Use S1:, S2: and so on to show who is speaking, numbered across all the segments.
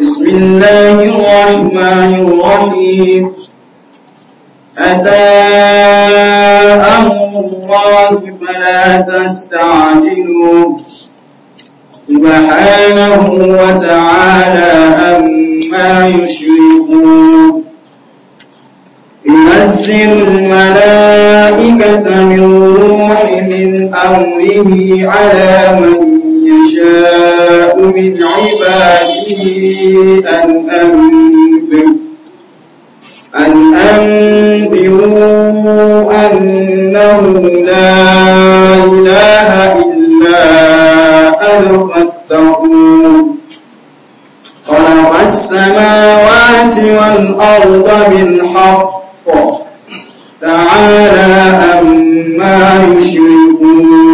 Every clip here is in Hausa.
S1: بسم الله الرحمن الرحيم أتى أمر الله فلا تستعجلوا سبحانه وتعالى أما يشركون ينزل الملائكة من روح من أمره على من يشاء من عباده أن أنذر أن أنذروا أنه لا إله إلا أنا فاتقون خلق السماوات والأرض بالحق تعالى أما يشركون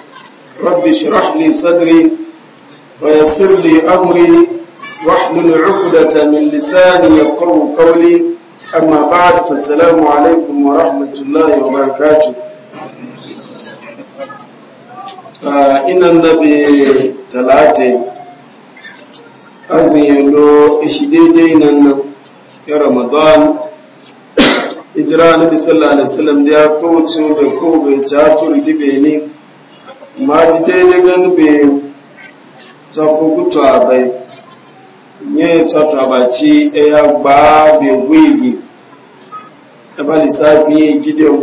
S2: رب اشرح لي صدري ويسر لي أمري واحلل عقدة من لساني يقروا قولي أما بعد فالسلام عليكم ورحمة الله وبركاته آه، إن النبي تلاتي أزمي لو إشديدين يا رمضان إجراء النبي صلى الله عليه وسلم دي أكوتو بكوبي تاتو الجبيني ma ji daidai gani bai tsafi a bai nye tsatabaci e ya gba bai gwigi ya ba lissafi ya gidiyo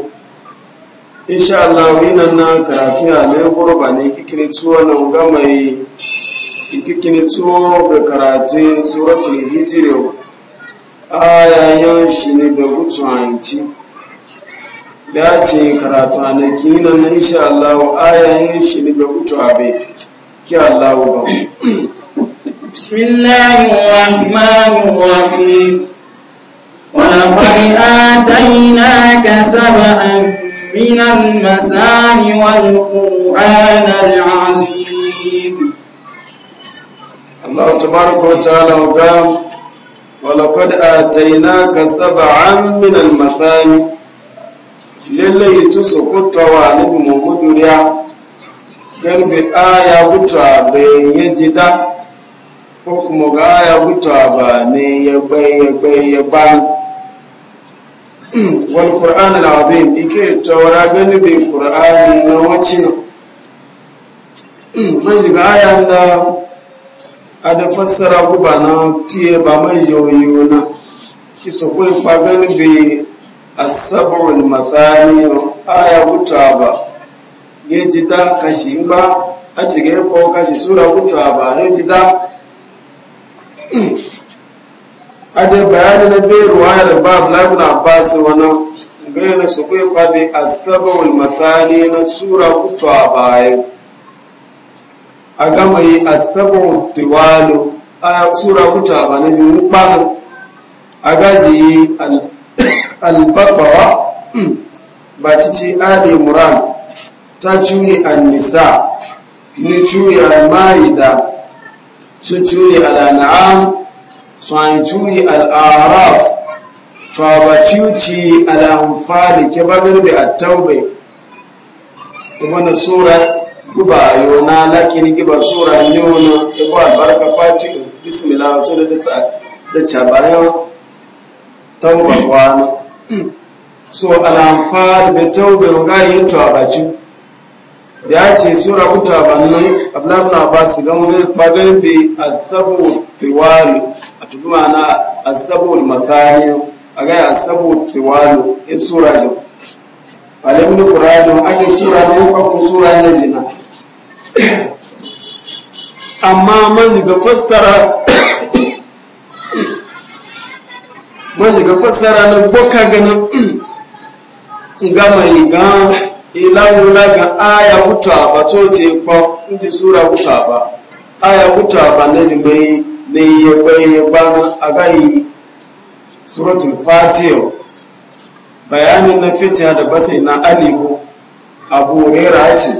S2: insha Allah winan na karatu ya ne gurba ne kikini tuwo na ga mai kikini tuwo ga karatun suratul hijiri a yayin shi ne bai kutu Ya ce karatu a nan kinan na insha Allah
S1: ayayin shi ne kutu abe ki Allah ba bismillahir rahmanir rahim wa laqad atainaka sab'an min al-masani wal qur'an al-azim
S2: Allah tabaraka wa ta'ala ga wa laqad atainaka sab'an min al-masani lallai to su kuttawa nabi muhammadu riya garbe aya guta bai ya jida ko kuma ga aya guta ba ne ya bai ya bai ya ban wal qur'an al azim ike tawara gani bai qur'ani na wacin man ji ga aya da ada fassara guba na tiye ba mai yoyo na Kisoko so ko asabul mathani aya gutaba gejida kashimba achigepo kashisura gutaba gejida ade bayani na bai ruwaya da bab labin abbas wani na su kai kwabe asabul mathani na sura gutaba yau a gama yi asabul tiwalo aya sura gutaba na biyu ɓanin a gazi yi albakara hmm, ba titi ali muran ta curi annisa ni curi almaida sun curi al'an'am sun curi al'araf tsawaciuci al'amfani ke babin da attaube wani sura guba yona lakin giba sura ne wani ibu albarka fati bismillah wasu da ta bayan tauba kwani so alamfani bai tauba ruga yin tabaci ya ce sura kuta bannin abdullahi abbas ga mun fagen fi asabu tiwalu a tudu mana asabu matsayin a gaya a asabu tiwalu in tsura ne alim da qur'ani ake tsura ne ko ku tsura na jina amma mazi ga fassara mazi ga fassara na boka ganin ga mai ga ilawula ga aya mutu a ba to ce kwa inji sura mutu a ba aya mutu a ba na jibai na iya bayyana ba a gayi suratul fatiha bayanin na fitiya da basai na alibu abu rera ce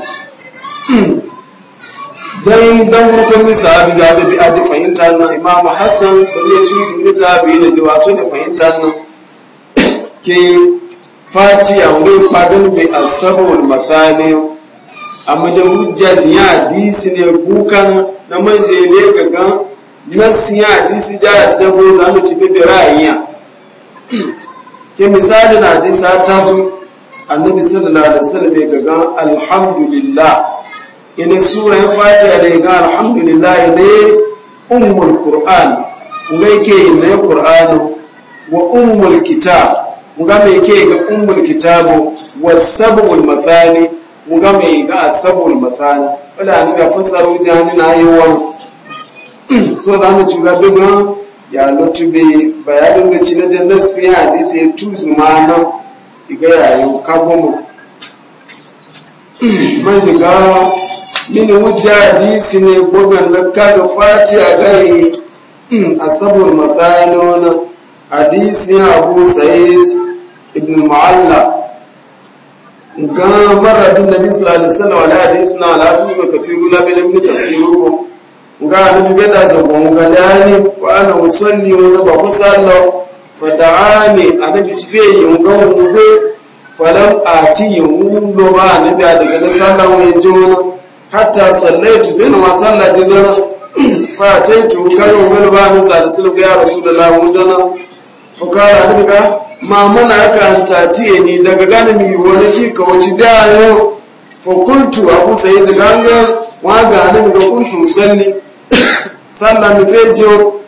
S2: dai dan mutum ni sahabi ya da a fahimta na imam hassan da ya ci ni tabi ne da wato da fahimta na ke fatiya wani fadan bai asaba wal masani amma da hujjaji ya hadisi ne bukan na manje ne gaga nasi ya hadisi ja da go za mu ci bi ra'ayiya ke misali na hadisa ta annabi sallallahu alaihi wasallam gaga alhamdulillah ina sura fatiha da ga alhamdulillah ne ummul qur'an ngai ke ne qur'an wa ummul kitab nga me ke ga ummul kitabu was sab'ul mathani nga me ga sab'ul mathani wala ni ga fasaru jani na yi wa so da mu juga
S1: duga ya lotu be bayanin da cin da nasi hadisi tu zumana
S2: iga yayin kabomo man ga mini wuce hadisi ne gogon na kada faci a gairi hmm, a sabon matsalona hadisi abu sa'id ibn mu'alla ga maradin da bisa alisala wani hadisi na alhaji ba kafi gula bin ibn tafsiru ga annabi bada zagon galani wa ana musalli wa ba kusallo fada'ani annabi tafe yin ga wuce falam ati yin wulo ba annabi a daga na ji wani jona hatta sallaitu sai na masalla ta zana fataitu karin galba na da sulga ya rasu da lamu dana fukara daga ma mana aka hantatiye ni daga gani mi wani ki kawaci da yau kuntu, abu sai daga wa ga na daga kuntu sanni sallah mi fejo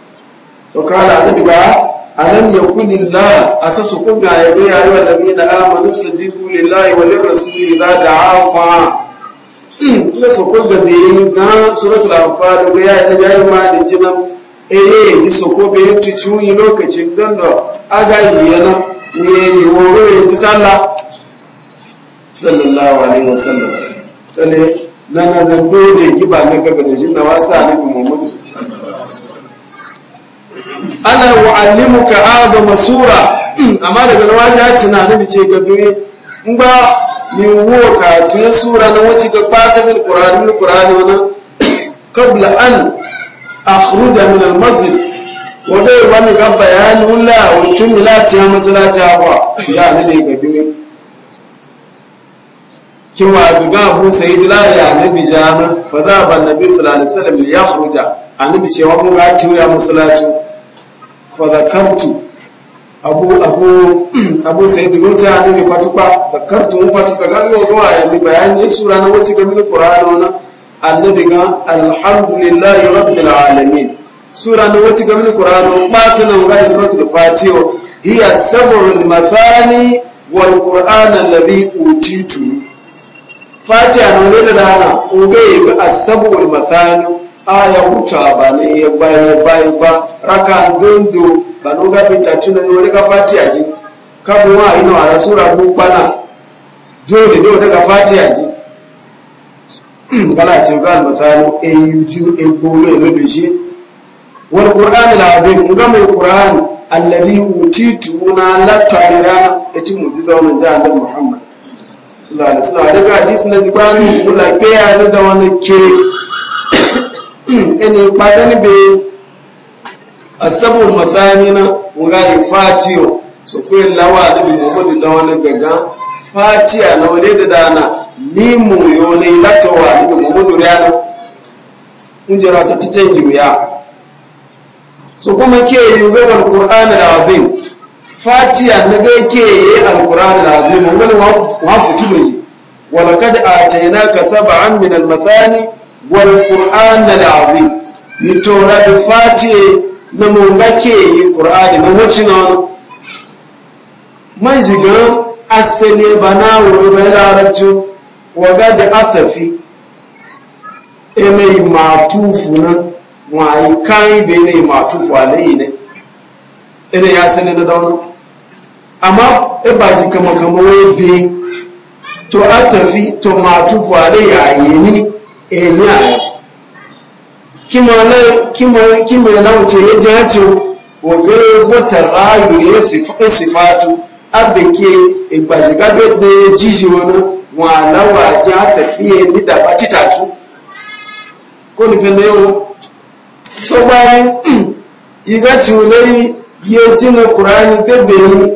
S2: fukara daga alam yakun lillah asasu kun ga yayi ayyuhal ladina amanu istajibu lillahi wa lirrasuli da da'akum na sokol da be na suratul anfal ga ya da yayi ma da jinan eh ni soko be tucu yi lokacin dan da aga yana ne yi woro yi ti sallah sallallahu alaihi wasallam to ne na zan ko da giba na gaba da jinna wasa ne Muhammad ana wa'allimuka azama sura amma daga nawa ya ci na nabi ce gabe ngba ni wo ka tun sura na wati ga kwata bil qur'an min qur'an wana qabla an akhruja min al masjid wa dai wani ga bayani wala wutun milati ya masalati akwa ya ne ne ga bimin cewa duga abu sayyid la ya bi jama fa za ba nabi sallallahu alaihi wasallam ya khruja annabi cewa mun ga tiyo ya masalati fa zakartu abu abu abu sai da muta ne ba da kartu mu ba tuka gan yau ruwa ya mi bayani sura na wace ga mini qur'ani na annabi ga alhamdulillahi rabbil alamin sura na wace ga mini qur'ani ba ta nan ga suratul fatiha hiya sab'ul mathani wal qur'an alladhi utitu fatiha ne da dana ugai ga asabul mathani aya huta ba ne ya bayan bayan ba rakan dondo bano no ga fita tuna no daga fatiha ji ka bu wa ino ara sura bu bana dole no daga fatiha ji kana ce ga misali a yi ju a egbole ne be shi
S1: wal qur'an alazim ga mai qur'an
S2: alladhi utitu na la tarira eti ji zaman ja annabi Muhammad sallallahu alaihi wasallam daga hadisi na zibani kula kiyaye da wani ke hmm, ene padani be asabu na wurare fatiyo So, kuri lawa da bi mafudu da wani gaga. fatiya na wani da dana ni mu yo ne latowa da bi mafudu da yana kungiyar ta titan yiwuya So, kuma ke yi gaban kur'ani da azim fatiya na ga ke yi alkur'ani da azim mun gani wa fitu da yi walakad a taina ka saba an minal matsani wal kur'ani da azim ni tora da fatiya na monga ke yi ƙur'ani na wacce na wani man shiga asali ba na wuri bai larabci waga da atafi e mai matufu na wayi kayi bai ne matufu alayi ne ina e ya sani na dauna amma e ba shi kama kama wai e bai to atafi to matufu alayi a yi ni e ni a yi kima na wuce ya ji hace wa fe botar ayu ya sifatu abike igbajiga da ya jiji wani wa lawa ji a tafiye ni da ba titatu ko ni fende yau so bayan iga culai ya ji na kurani bebe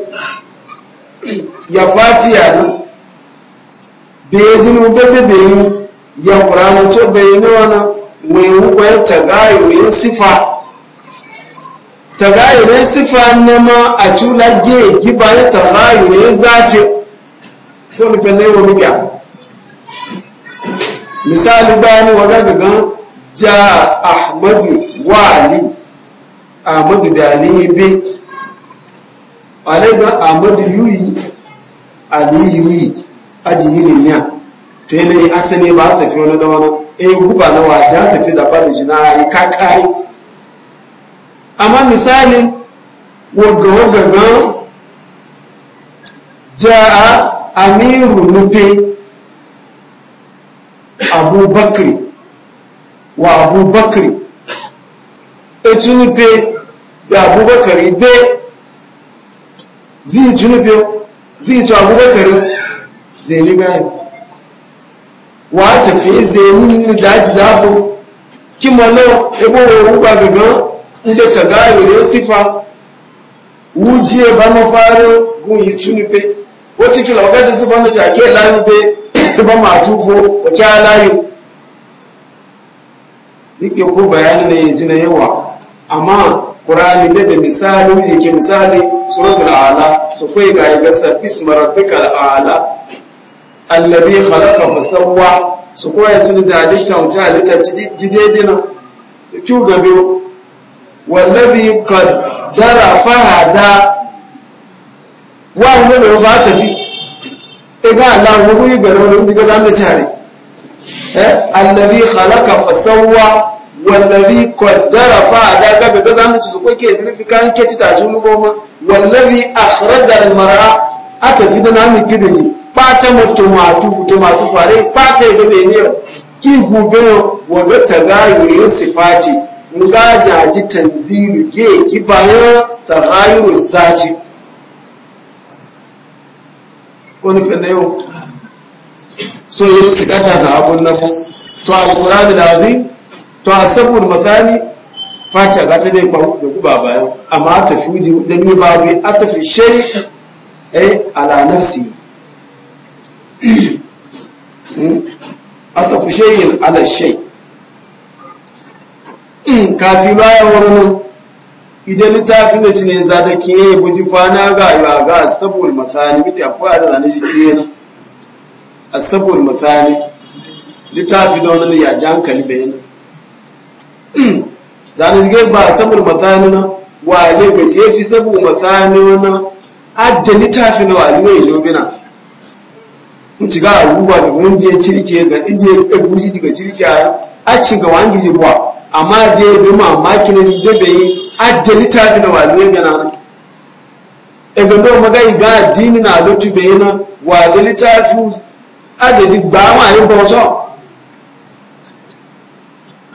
S2: ya fatiya nan da ya ji na bebe ya kurani to bayanewa nan waiwukon tagayurin sifa tagayurin sifa ma a cula gegi bayan tagayurin zace ko nufe ne wa rubiya misali bayani waga gagan ja ahmadu wali ahmadu dali be alaga ahmadu yuyi ali yi aji yi ne ya to yanayi asali ba ta fi wani da wani eh guba na waje ta fi da barin shi na yi eh, ka kare amma misali wagga wagga na ja'a amiru nufe abubakar wa abubakar etu nufe da abubakar ibe zai ci nufe zai ci abubakar zai ligayen wàá tẹ̀fẹ́ ẹ̀zẹ̀ nínú dájú dáàbò kí mo náà egbò òun gba gàngán ilé tàgá ìrèlè sífa wú jí ẹ bá mọ fáárẹ gun yìí tú ni pé ó ti kìlọ̀ ọ̀gá ẹ̀dín sífa níta kí ẹ̀ láyé pé ẹ̀ máa tún fún ọ̀kẹ́ aláyò. Nike ko bayani ne yanzu na yawa amma Qur'ani bai da misali yake misali suratul ala su ga ga safi su marabbika ala allazi khalaqa fa sawwa su koya sun da halitta wuce halitta ci daidai nan to kyu gabe wallazi qaddara fa hada wa ne ne fa tafi ina e ga Allah mu yi garo ne diga da tare eh allazi khalaqa fa sawwa wallazi qaddara fa hada ga ga mu ci ko ke nufi kan ke ta julu goma wallazi a al mar'a atafi da namu gidaji pata mu tomatu tomatu kware pata ga zai ne ki gube wa ga tagayurin sifati nga jaji tanziru ge ki ta baya tagayuru zati ni fina yo? so yi ki kada za abun nan to alqur'ani azi? to asabul mathani fata ga sai dai ba da guba bayan amma ta fuji da ni ba bai atafi shay eh ala nafsi Hmm? atafu shay'in ala shay hmm, kafi baya wurin idan littafin da cinye za da ke yi buji fana ga yawa ga sabuwar matsani mita akwai da zane shi ke na a sabuwar matsani littafi da wani ya ji hankali bayan hmm, zane shi ba a sabuwar matsani na wa ne ga ce fi sabuwar matsani wani adda littafi na wa ne ya jobina nci ga abubuwa da mun je cirke ga ije da guji daga cirke a a ci ga wangi ji bwa amma da ya bi mamaki na da bai ajali littafi fi da walwe gana ega do maga iga addini na lotu bai na walwe ta fi adadi ba ma yi ba so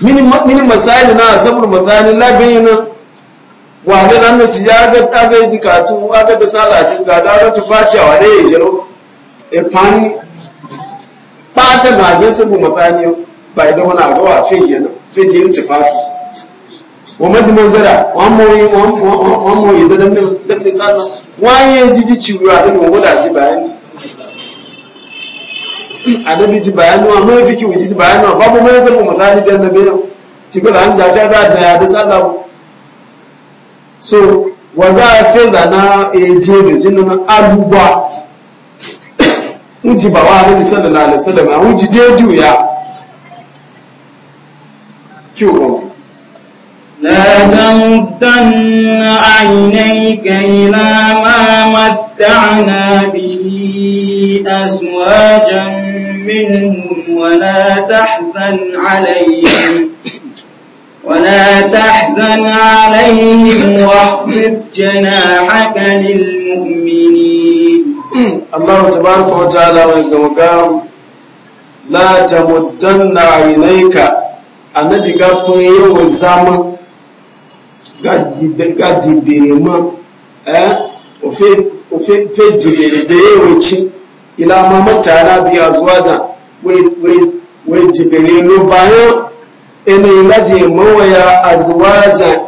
S2: mini misali na asabar misali labin yana. na walwe na ci ya ga ta ga dikatu aga da salati ga da ta facewa ne ya jiro ìpani pátẹ́ náà yẹ́sẹ̀ bù mọ̀ báyìí báyìí dọ́wọ́ náà àgọ́wà fèjì ẹ̀nà fèjì ẹ̀rù ti fàájú wọ́n mọ́ ti mọ́ zẹ́rà wọ́n mọ́ yìí wọ́n mọ́ yìí dẹ́gbẹ́ sáná wọ́n á yẹ jíjí tìrú àdébí wọn gbọ́dọ̀ àjí wa àdébí ti báyìí wọn mọ́ èfi kìwì jíjí báyìí náà bábọ́ mọ́ yẹ́sẹ̀ so wọ́n fiza na zànà èjì rẹ̀ sínú wuji ba wa hannun sanda na alisa da wuji dai ya
S1: kyau ba la tamuddanna aynayka ila ma matta'na bihi aswajan minhum wa la tahzan alayhi ولا تحزن عليهم واحفظ جناحك للمؤمنين
S2: الله تبارك وتعالى ويقام لا تمدن عينيك annabi ga fún yawan zama ga dìbèrè mọ́ òfé dìbèrè da yawan ci ìlàmà mọ́ta alábi àzúwádà wọ́n dìbèrè ló báyán ene laje mawaya azwaja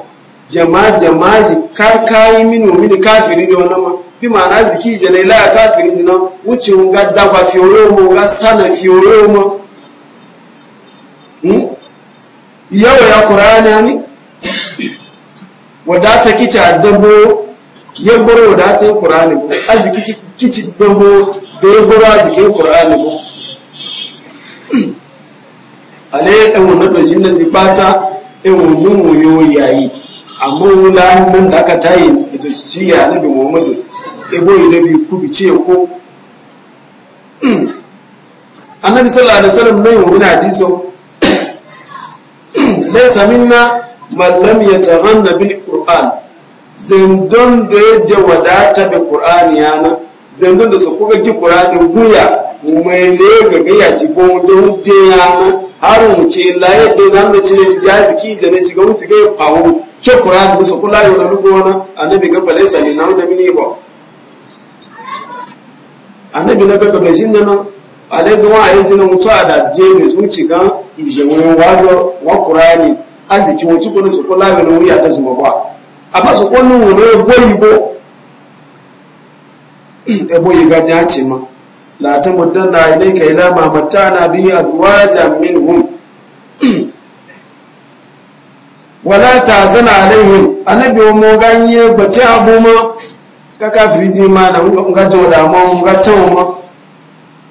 S2: jama jamaji ka kai minu mini kafiri ne wani ma bi ma'ana ziki je ne la kafiri ne wuce ga daba fioro mu ga sana fioro mu hmm yawa ya qur'ani ne wadata kici addabo ya gboro wadata qur'ani ko aziki kici dabo da ya gboro aziki qur'ani ko ale ẹwọn náà lọ sí ní ti pátá ẹwọn mímu yóò yà yìí àmúhùnlá ń dáka táyì ètò ìṣiṣẹ́ ya níbi muhammadu ebo ìlẹ́bi kúbi tí ẹ kó. Hmm. annabi sallallahu alaihi wasallam mai wani hadiso hmm. laysa minna man lam yataghanna bil qur'an zindon da ya je wadata bi qur'ani yana zindon da su kuga ki qur'ani guya mai ne ga gaya ci har mu ci fawo ke kura da su kula da annabi ga bale sani na mini ba annabi na jin nan mutu a da je ne ga wazo wa su kula da wuya da ba amma su ma la ta muddanna ilayka ila ma mattana bihi azwajan minhum wala tazana alaihim anabi mo ganye bata abuma ka ji ma na ga joda ma mu ga tawma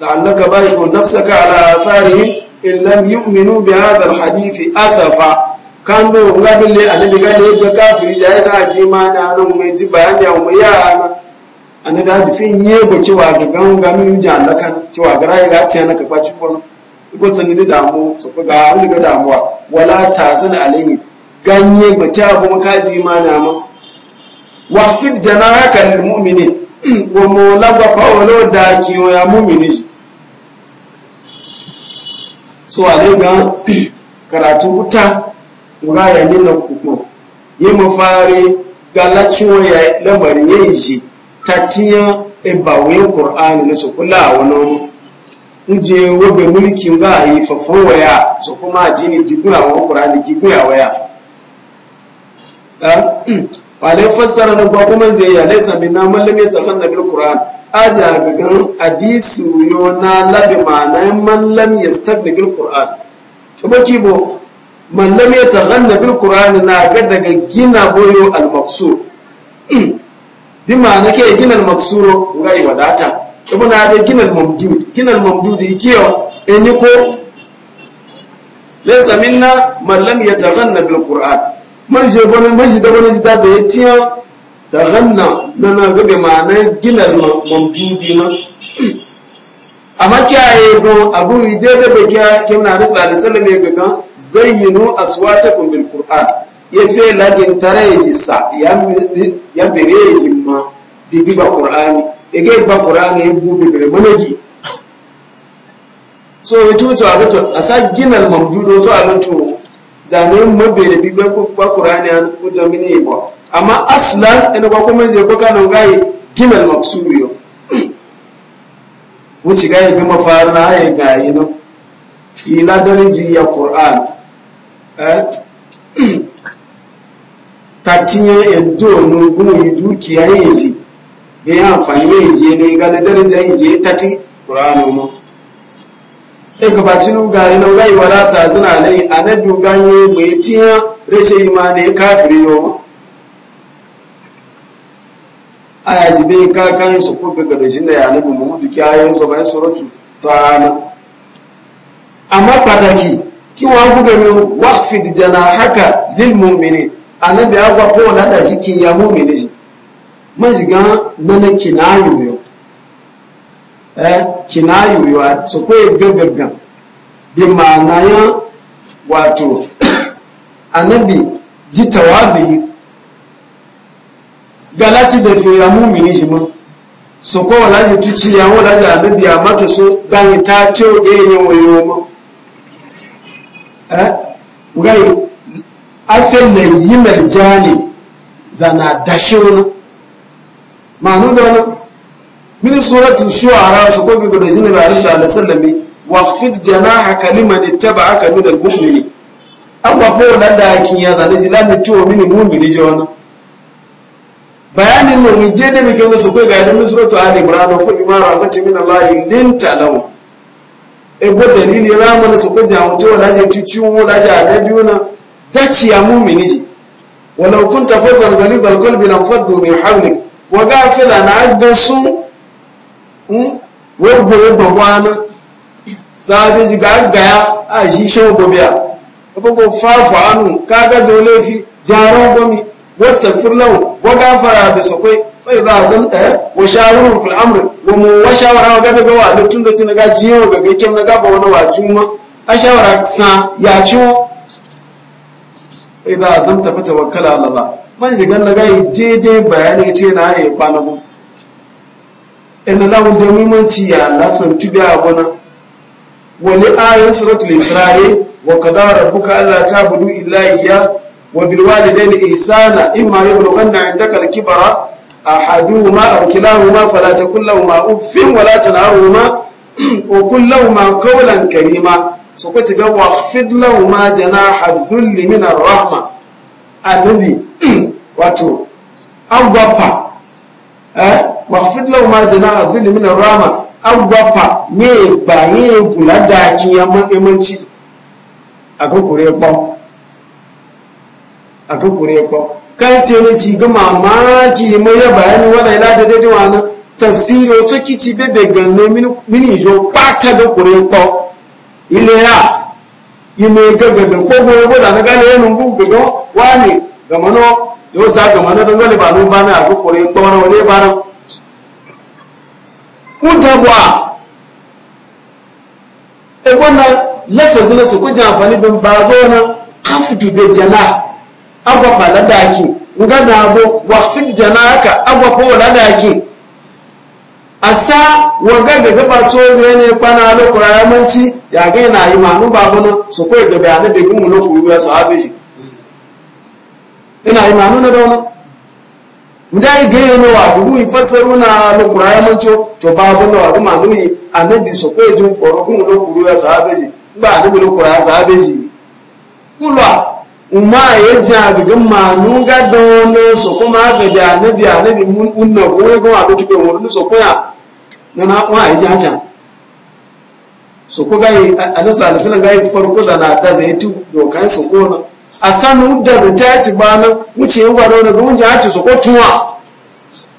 S2: la'allaka bashu nafsaka ala atharihim in lam yu'minu bi hadha alhadith asafa kan do ga bille anabi ga le ga kafiriji ya da ji ma na mu ji bayani mu ya na ana da fiye n'ye ko cewa ga ganga min jan kan, cewa ga rai ga tiyana ka kwaci ko ko sanin da mu so ko ga an ga damuwa wala ta, tazan alayhi ganye ba ta abu makaji ma na mu wa fi janaka lil mu'mini wa mawlaba wala da ki wa mu'mini so ale ga karatu huta ga ya na kuma yi mafari ga lachuwa ya lamarin yayin shi tatiya ibawai qur'ani na su kula wani nje wobe mulki ba yi fafon waya su kuma jini gigun awon qur'ani waya awaya ah, hmm. wale fassara na ba kuma zai ya laisa min na mallam ya takan na bil qur'an aja gagan hadisi yo na labi ma'ana mallam ya stagna bil qur'an to ba bo, mallam ya ta na bil qur'an na ga daga gina boyo al maqsud hmm. bima na ke ginal maksuro nga yi wadata na da ginal mamdud ginal mamdud ikiyo eni ko laysa minna man lam yataghanna bil qur'an man je bon man je da bana da zai taganna na na gabe ma'ana ginal mamdud ma amma kiyaye go abu ide da be kiyaye kimna da sallallahu alaihi wasallam ya gaga zayyinu aswatakum bil qur'an ya fe lagin tare ya sa ya ya bereji ma bibi ba qur'ani e ga ba qur'ani e bu bibere managi so e to to aluto asa gina mamdudo to aluto zane mabere bibi ko ba qur'ani an ko domine ba amma aslan ina ba kuma zai ko kana ngai gina maksuru yo wuce ga yi gama fara na haye ga yi ina, ila dariji ya qur'an eh ta tinye edo nu kuma yi dukiya yin zi ya yi amfani yin zi ne ga na dare ta yin zi ta ti ƙura'ani mu e, e gabacin gari na gai wala ta zina ne a na biyu ganye mai tiya rashe imani kafiri yo a yaji bai ka kan su ko ga da shi da ya nabi mu duki ayoyin so bai suratu ta na amma pataki ki wa buga min waqfid janahaka lil mu'minin annabi ya kwa ko na da ke kin ya mu'mini shi man shiga na na kinayu yo eh kinayu yo su ko gaggaga bi ma'ana ya wato annabi ji tawadhi galati da fi ya mu'mini shi ma su ko wala ji tuci ya wala ji annabi ya mata so gani ta ce o ne wayo ma eh afe layinar jani zana dashin manu da wani min suratu shu'ara su ko bigo da jinin rayu da sallame wa khfid janaha kaliman ittaba'aka min al-mu'minin amma fo da da kin ya zane shi lamu to min mu'mini je wani bayanin nan je da muke musu ko ga da min suratu ali imran fa bima rahmatin min allah linta lahu e bo dalili na su ko jamu to da je tuciwo da je adabiuna gaciya mumini ji walau kunta fadhal ghalid bi lam faddu min hawlik wa gafila na aggasu wogbo yobba kwana sabe ji ga a shi sho gobiya ko fafu anu kaga jole fi jaron gomi واستغفر له وغفر بسكوي فإذا عزمت وشاورهم في الأمر ومشاورا وغدا غوا دتون دتين جيو gaba wani wa بونا واجوما أشاورا سا ya ciwo. ina zan tafi tawakkala Allah ba man na daga daidai bayani ce na ya kwana mu inna lahu da muhimmanci ya Allah tubi a gona wani ayat suratul isra'i wa qadara rabbuka alla ta'budu illa iyyah wa bil walidayni ihsana imma yablughanna 'indaka al-kibara ahaduhuma aw kilahuma fala takul lahumā uffin wala la wa qul lahumā qawlan karima so ko ti ga wa fidlahu ma janaha dhulli min ar annabi wato agwapa eh wa fidlahu ma janaha dhulli min ar agwapa me gba ye gula da ki ya ma emanci akokore po akokore po kan ce ne ci ga mamaki mai ya bayani wannan ila da dai wannan tafsiri wato kici bebe ganne mini mini jo pata da kore po ile ya ime gaggaga ko gobe ko zana gane yanin gu gaga wani gamano yau sa gamano don gane ba nun bana a kukure kwana wani bana kuta kuwa e wannan lafazi na su kuja amfani don ba zo na kafutu da jana agwafa ladaki ngana abu wa fit janaka agwafa ladaki asa waga daga ba so zai ne kwana lokura ya manci ya ga yana yi manu ba bana su kai ga bayan da gumu lokuru ya su abeji ina yi manu na dauna ndai ga yana wa gumu ifassaru na lokura ya manco to ba bana wa gumu manu yi annabi su kai jin foro gumu lokuru ya su abeji ba annabi lokura ya su abeji kulwa umma ya ji agagan manu ga dono so kuma ga da nabi nabi mun unna ko ko a ko tuke mun so ko ya na na wa ya jaja so ko gai annabi sallallahu alaihi wasallam gai farko da na da zai tu dokan so ko na asanu da zai ta ci ba na wuce yin gwado da mun ja ci so ko tuwa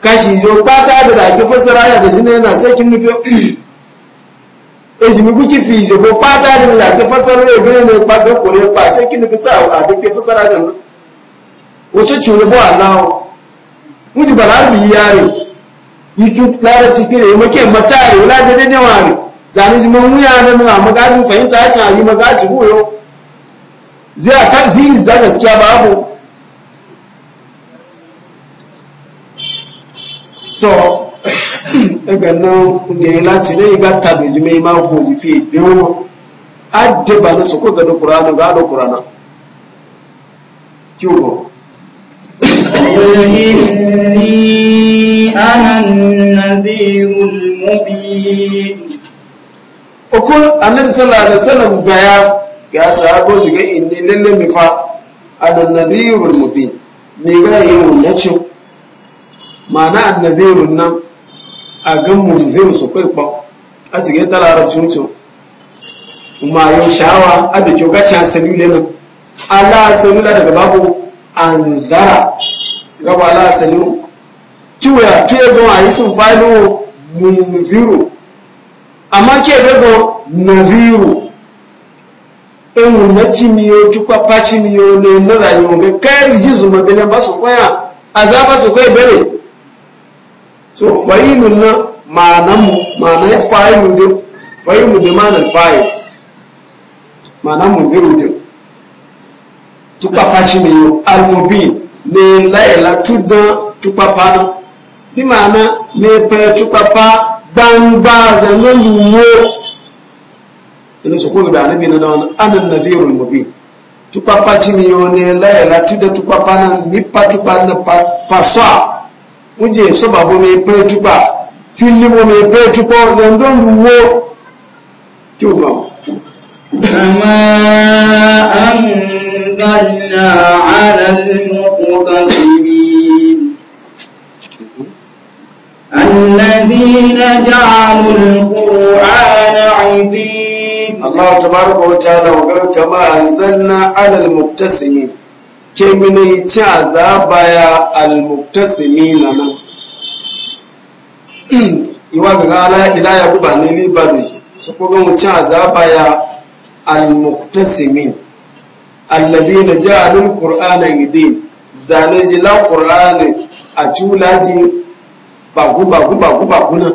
S2: kashi yo pata da da ki fasara ya da jina yana sai kin nufi ezimi kuki fi je bo pata ni za ta fasara ya ga ne ba ga kore ba sai kin fi sa a duk fasara da wato cule bo Allah muji balar bi yare yikin tsara cikin ya make matare wala da dai dawari zani zima muya nan na magajin fahimta ya ta yi magaji goyo zai ta zai za gaskiya babu so ẹgbẹ̀ náà gbẹ̀yìn láti lẹ́yìn bá tàbí ju mẹ́yìn máa kó òjì fi èdè wọn á dé bá ní sọ́kò gẹ̀dọ̀ kura náà bá lọ kura náà kí o bọ̀.
S1: Ìní ànànàdé olùmọ́bí. Okun Anẹ́sẹ́lá Anẹ́sẹ́lá gbaya
S2: ga sàábọ̀ ìní lẹ́lẹ́ mi fa ànànàdé olùmọ́bí ni gáyé wọn lẹ́tọ́. Màánà ànàdé olùmọ́bí a gan mu zai musu kai kwan a cikin tara arabcin wucin ma yau sha'awa a da kyau gaci an salule nan ala salula daga babu an zara gaba ala salilu tuya tuya don a yi sun falo munziru amma ke gago naziru in na cimiyo tukwa pacimiyo ne na zayi wanga kai jizu mabina ba su kwaya azaba su kwaya bane so fa'ilun nan ma'anan ma'anan fa'ilu din fa'ilu bi ma'anan fa'il ma'anan munziru tukpapa tupapaci ne yo almubin ne laila tudan tukpapa na bi ma'ana ne pe tukpapa gbangba zanen yiwuwo ina su kuma da anabi na da wani anan nazirul mubin tukpapa ci ne yo ne laila tudan tupapa na mipa tupa na pa, pa, wuje so babo me pe tupa fili mo me
S1: pe tupo then don duwo ti o gbawo kama anzalna ala almuqtasimin alladhina ja'alu alqur'ana 'udin Allah tabaraka wa ta'ala
S2: wa kama anzalna ala almuqtasimin kemine ci azaba ya almuktasimi na nan iwa daga ala ila ya guba ne ni ba ne su ko gamu ci azaba ya almuktasimi allazi na ji alun qur'ana idin zane ji la qur'ana a culaji ba guba guba guba guna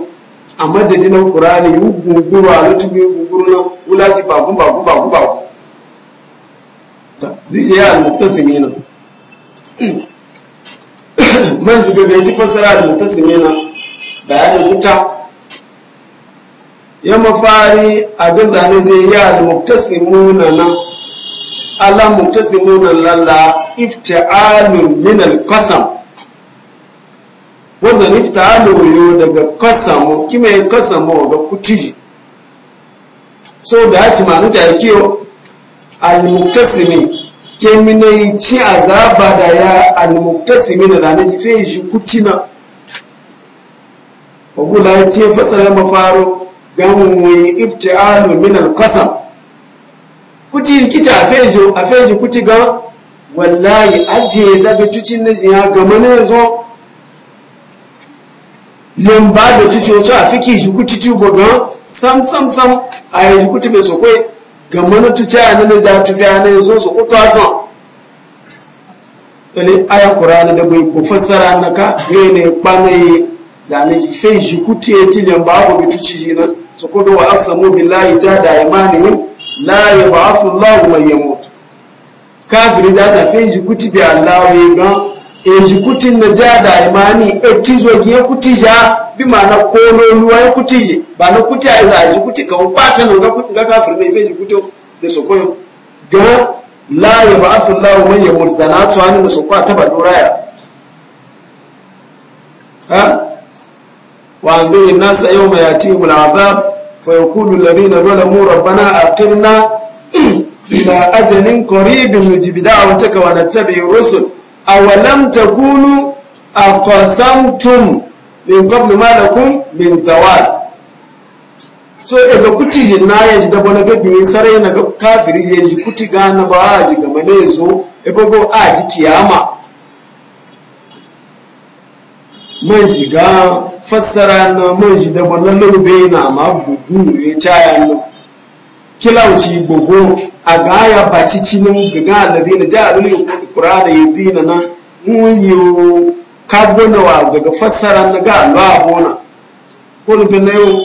S2: amma da dinan qur'ani yi guguru lutubi guguna nan ba guba guba guba guba zai sai ya almuktasimi na man shiga ga ci fassara almuktasimi na bayanin ya mafari a ga ne zai ya almuktasimu na nan Allah muktasimu na lalla ifti'alun min alqasam wazan ifti'alun yo daga qasamu kime qasamu ga kutiji so da ya ci manuta ya kiyo almuktasimi yi ci azaba da ya almuktasimi da zane fe shi kutina wagula ya ce fasara mafaro gamuwe ifti min alqasam kuti rikici a fejo a fejo kuti ga wallahi ajiye da bi tucin na jiya ga mana zo ba da tuci wacce a fiki shi kuti tubo ga sam sam sam a yi kuti mai sokwai gamanu tuce a nini za tu fiya ne so su kuta to wani aya kurani da bai ko fassara na ka ne ne ɓanaye zane fe shi kutie tilin tuci shi na su kudu wa aksamu layi ta da ba la yab'athu Allahu man yamut kafiri za ta fe shi kuti bi Allah ya gan kuti na ja da imani kuti giye kutija bi mana kololuwa ya kutije ba na kuti a za ejikuti ka kwata na ga kutin ga kafir ne fe ejikuto da su koyo la ya ba afu Allah man ya mutsa na to an da su kwa ta ba doraya ha wa anzuri nas yawma yatihim al'azab fa yaqulu alladhina zalamu rabbana aqimna ila ajalin qaribin nujib da'wataka wa nattabi'ur rusul awalam takunu aqasamtum min qabl ma lakum min zawal so e ga kuti je na ya ji dabo na ga min sare na kafiri je ji kuti ga na ba a ji gama ne zo e ba go a ji kiyama man shiga fassara na mai shi dabo na lobe na ma bugu ya taya na kilauci gogo a gaya ba cicinin gaga alazi na ja alulu kura da yanzu na na muyo kagonawa daga fassara na ga alwa bona ko nufin na yau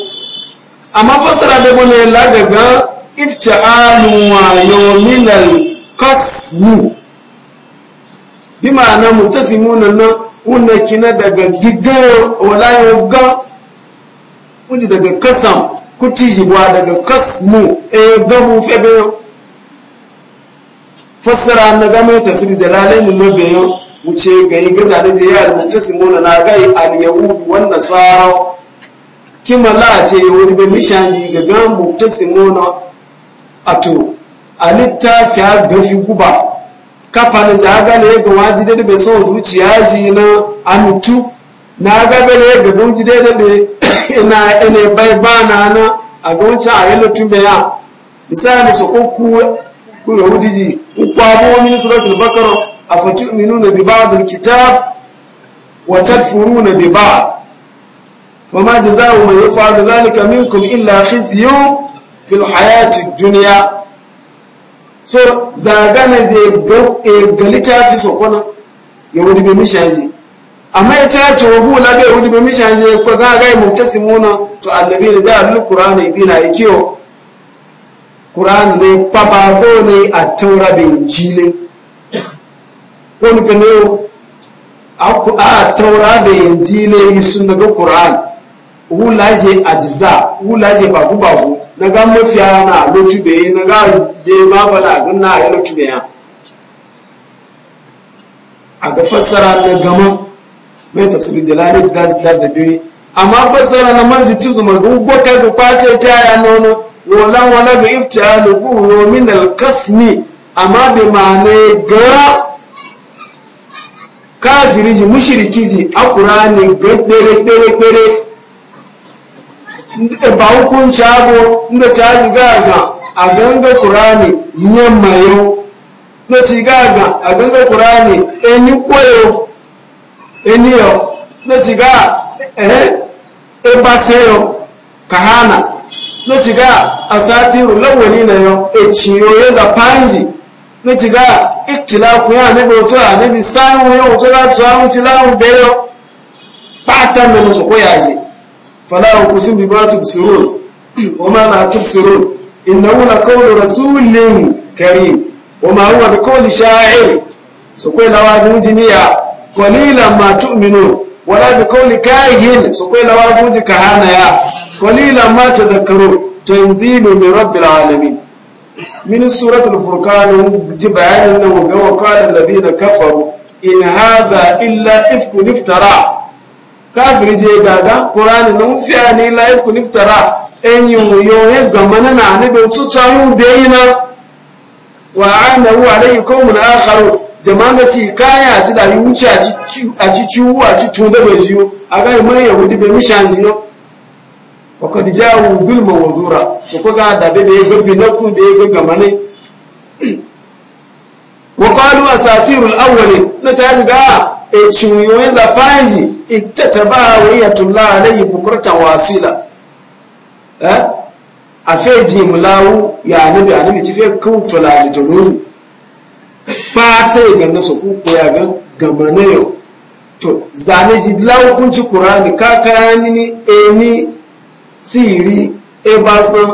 S2: amma fassara da bona ya lagaga ifta'alu wa yawminal kasmi bi ma'ana mutasimuna na unna kina daga giga wala yawga unji daga kasam kutijibwa daga kasmu e gamu febe fassara na game tafsir jalalai lobe yau wuce ga yi gaza da je yar mutasimuna na gai al yahud wanda nasara kima la ce yahud be mishanji ga ga a ato alitta fiya gafi guba kafa na jaga ne ga waji da be so zuciya ji na amitu na gaba ne ga gunji daidai da ina ina bai ba na na a gunci a yana tumbe ya misali su uku ku yahudi ji uku abu min suratul fatu minu na bi ba'd alkitab wa takfuruna bi ba'd فما جزاء من يفعل ذلك منكم إلا خزي في الحياة duniya. so zagana zai ga e galita fi sokona yahudi bai mishaji amma ya ce wahu na ga yahudi ba mishan ya kwa ga ga mutasimuna to annabi da ja kurani fi na ikiyo kurani ne papa ne a taura bin jile ko ni ka ne a taura bin yi sun daga qur'an wula je ajiza wula ce babu babu na ga mafiya na lotu be na ga de ma bala ganna yi lotu be ya a ga fassara na gama mai tafsirin jalalif da da da biyu amma fassara na manzu tuzu gugu bakar da kwace ta ya nono walan wala bi iftalu buhu min al kasmi amma bi ma'ana ga kafiri ji mushriki ji alqur'ani ga dere dere dere ba hukunci abu inda ta yi gaga a ganga qur'ani nyamma yau na ci gaga a ganga qur'ani eni koyo ènìyàn ló ti gá ẹbáṣẹ́yọ kàhánà ló ti gá asátírù lọ́wọ́ nínàyàn èchìyàn yóò pàǹjì ló ti gá ìtìlákùnyà níbi òtó à níbi sáwọn yóò tó látọ̀ àwọn ti láwọn bẹ́yọ pátá mẹ́nu sọ̀kọ́ yàjẹ́ fọláwọn kò sí bíbá tó bìsírò wọ́n máa na tó bìsírò ìnáwó na kọ́wọ́ rasulin kari? wọ́n máa wà ní kọ́wọ́ ní ṣááírì sọ̀kọ́ ìlàwọ́ adúmú ti níyà qalilan ma tu'minun wala bi qawli kahin su kai lawa buji kahana ya qalilan ma tadhakkarun tanzilu min rabbil alamin min suratul furqan ji bayanin nan ga waqala alladhina kafaru in hadha illa ifkun iftara kafiri je gaga qur'ani nan fiya ne la ifkun iftara en yuyo ya gamana na ne be tuta yu wa anahu alayhi qawmun akharun jama'a ci kaya ci da wuce a ci ciwo a ci tuda bai jiyo a ga mai yahudi bai mishan jiyo wa kad ja'u zulma wa zura su ko ga da bai bai gabbi na ku bai gagga mane wa qalu asatirul awwalin na ta ji ga e ciwo ya za faji iktataba wa ya tulla alayhi bukratan wasila eh afeji mulawu ya nabi anabi ci fe kun tulaji tuluzu fata ya ganna su kuku ya ga gama na yau to zane shi laukunci kurani kakaya nini eni siri e ba san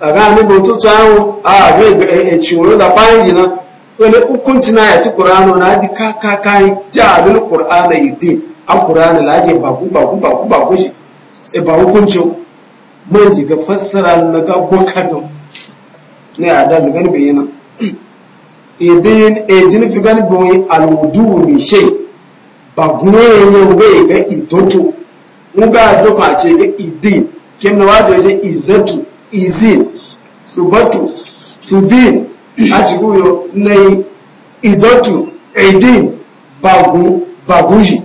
S2: a ga ba bautu ta yawon a ga e, e, e ciwo da bayan gina wani hukunci na ya ci kurano na ji kakakayi ja abin kurana yi din an kurana na ji baku baku baku baku shi e ba hukunci mai ji ga fassara na ga bokanin ne a da zagani idan ejin fi gani bin alwudu mi ṣe bagunye yin gai ga idoto nga doka ce ga idin. kim na wado je izatu izin subatu subin a cikuyo na idotu idin bagun bagunji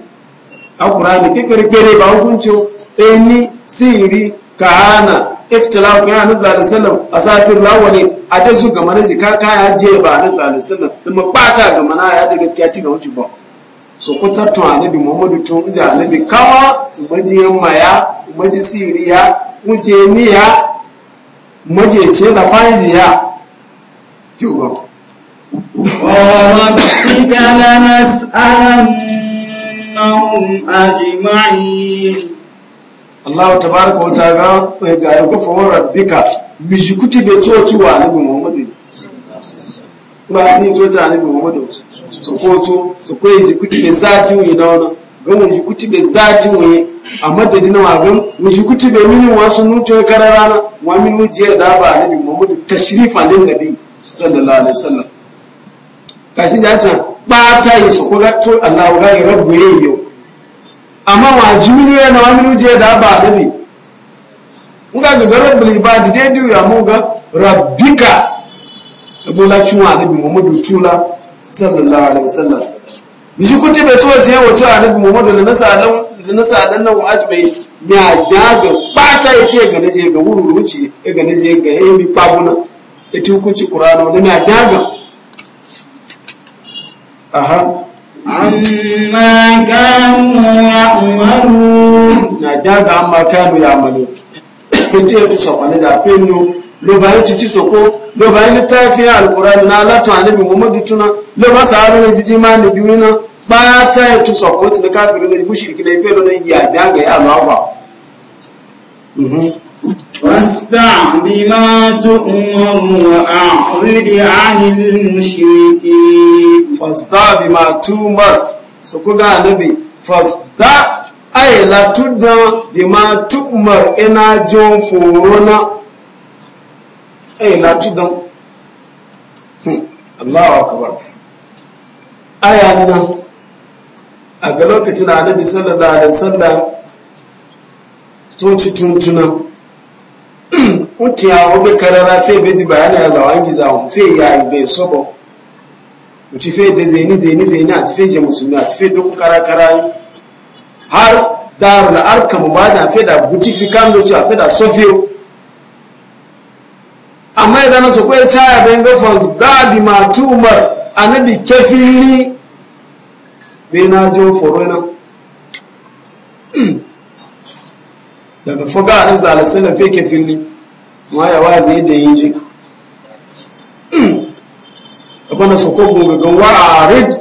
S2: a kurani kekere kere ba hukuncin eni siri kahana ikhtilafu ya nabi da sallam a satin lawani a da su ga manaji ka kaya je ba nabi sallallahu sallam da kuma ga mana ya da gaskiya ti ga wuce ba so ku tattu annabi muhammadu tun inda annabi kawa yamma ya umaji siriya uje niya maje ce da faiziya
S1: ki uba وربك لنسألنهم ajma'in Allah ta wa
S2: ta'ala wai ga ya gofa wa rabbika bijikuti be toti wa nabi Muhammadu ba ti toti wa nabi Muhammadu so ko to so ko izikuti be zati wi da wani, ga mu jikuti bai zati wi amma da dina wa gan mu jikuti bai mini wa ya to rana, wa min wujiya da ba nabi Muhammadu tashrifan lin nabi sallallahu alaihi wasallam kashi da ta ba ta yi so ko ga to Allah ga ya yi yau amma wa jimiru ya wani minu da ba dabi nga ga rabbul ibad da di ya mu ga rabbika bola chuwa da bi muhammadu tula sallallahu alaihi wasallam mi shi kuti be tuwa je wato annabi muhammadu da nasalan da nasalan nan ajbai ya daga bata yace ga naje ga wururuci ga naje ga yemi Ya ci hukunci qur'ano na daga aha amma kanu ya'malun na daga amma kanu ya'malun kunti ya tusa kwane da finu lo bayan cici soko lo bayan littafin alkurani na latin annabi muhammadu tuna lo ba sa abin jiji ma na biyu na ba ta ya tusa kwane da kafirin da mushriki na iya daga ya alwa
S1: فاستع بما تؤمر وأعرض عن المشركين فاستع بما تؤمر سكوغا
S2: نبي فاستع أي لا تدع بما تؤمر إنا جون فورونا أي لا تدع الله أكبر أي أنا a ga lokacin annabi sallallahu alaihi wasallam to ci tuntuna mutiya wabe karara fe beji bayani ya zawa gi zawa fe ya be sobo muti fe da zeni zeni zeni ati fe je musulmi ati fe duk karakara har na arka mu ba da fe da butifi kan do ci fe da sofiyo amma idan na su kwaya caya bayan gafan babi matumar anabi kefili bai na jo foro na hmm. daga foga a nan zalasai na fe kefili waya zai da yin ji abana su ko gunga gan wa arid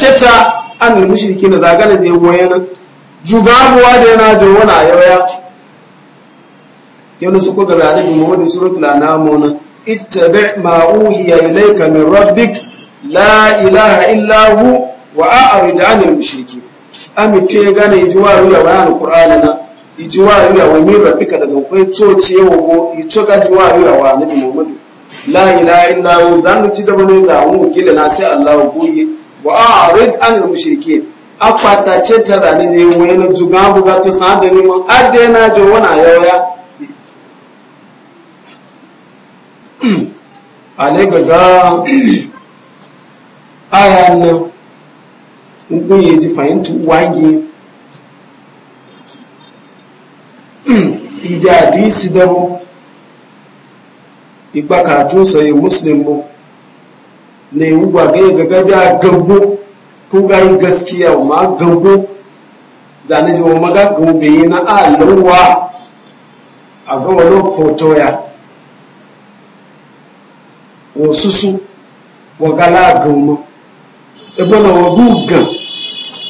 S2: ceta an mushriki na zagana zai wayana juga abuwa da yana da wani ayawaya yana su ko ga da Muhammad suratul anam na ittabi ma uhiya ilayka min rabbik la ilaha illa hu wa a'rid 'anil mushriki ami ya gane ji wa ruya bayan qur'ana iji wayo yawa min rabbika daga kwai coci yawa ko ito ka ji wayo yawa annabi da allah wa an ce ta ne buga to na gaga aya nan ngun ji fahimtu wangi ide hadisi da mu igba katun sai muslim mu ne ugwa ga ga ga da ko ga gaskiya gaskiya ma gabo zane ji ma ga gobe na alawa a ga wani kotoya wasusu wa gala goma ibana wa gugan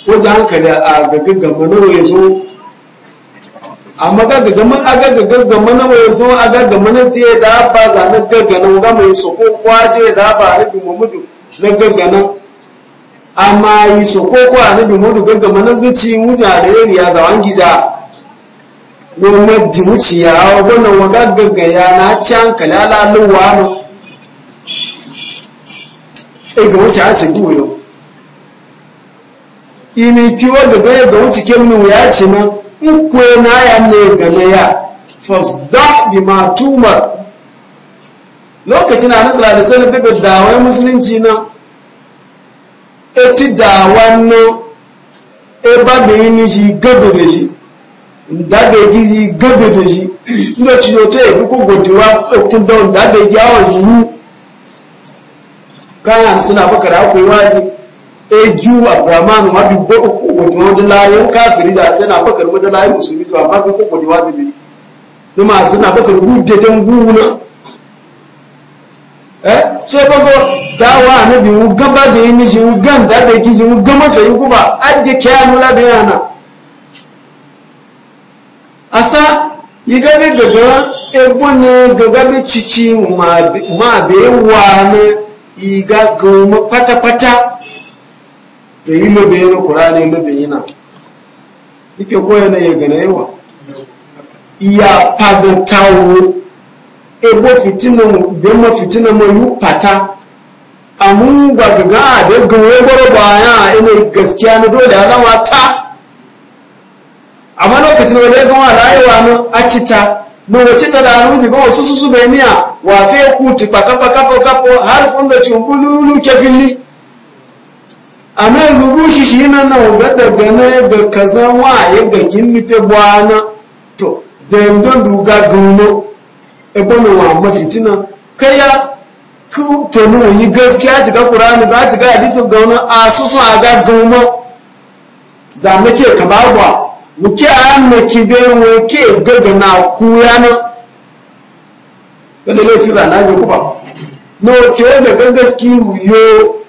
S2: wajen a ya amma ga gaga man ga gaga gama na mai so aga gama na ce da ba za na gaga na ga mai so ko kwace da ba a bi muhammadu na gaga na amma yi so ko ko na bi muhammadu gaga ma na zuci wuja da yari ya zawan giza ne ma di wuciya wannan wa gaga ya na ci hankali ala luwa no e ga wuce a ce giwo yau ini kiwo daga ga wuce kemnu ya ce nan ukwe na ya ne game ya fasda bi ma tumar lokacin nasara da sanin bebe dawai musulunci na eti dawan no e ba be ni ji gabe de ji da be ji gabe de ji ndo ti o te ko gojiwa ku don da be ya o yu kan suna bakara wazi eju abdulrahman ma bi bo kafiri da na abakar mo de laaye musulmi to ama bi ko ko de wa bibi ma sẹ na abakar wu dede wu na ẹ eh, ṣe gbogbo dáwà anabi wu gaba bẹ mi ṣe wu gan da bẹ gama sẹ yìí kuba adi kẹ amúlá bẹ yàn asa yìí gabi ne gàgà bẹ tsitsi ma be wà ne yìí gàgà da yi lobe yana kurani lobe yana nike koya na ya gane yawa iya pagatawo ebo fitina mu, bema fitina mu yu pata amun ba daga da gawe gwaro ba ya ina gaskiya na dole alawa ta amma lokacin wani ya gama rayuwa na acita na wace ta da hannu ba wasu su su bai niya wafe ku ti kapa kapa, paka har funda cikin bululu ke fili amma zubu shi shi na na ga daga na ga kaza wa ya ga kin nufe bwana to zendon duga gano e bana wa mafitina kaya ku to no yi gaskiya ci ga qur'ani ba ci ga hadisi ga a su su aga gano za mu ke ka babwa mu ke an mu ki be mu ke gaga na ku yana kada lafi za na zai ku ba no ke da gaskiya yo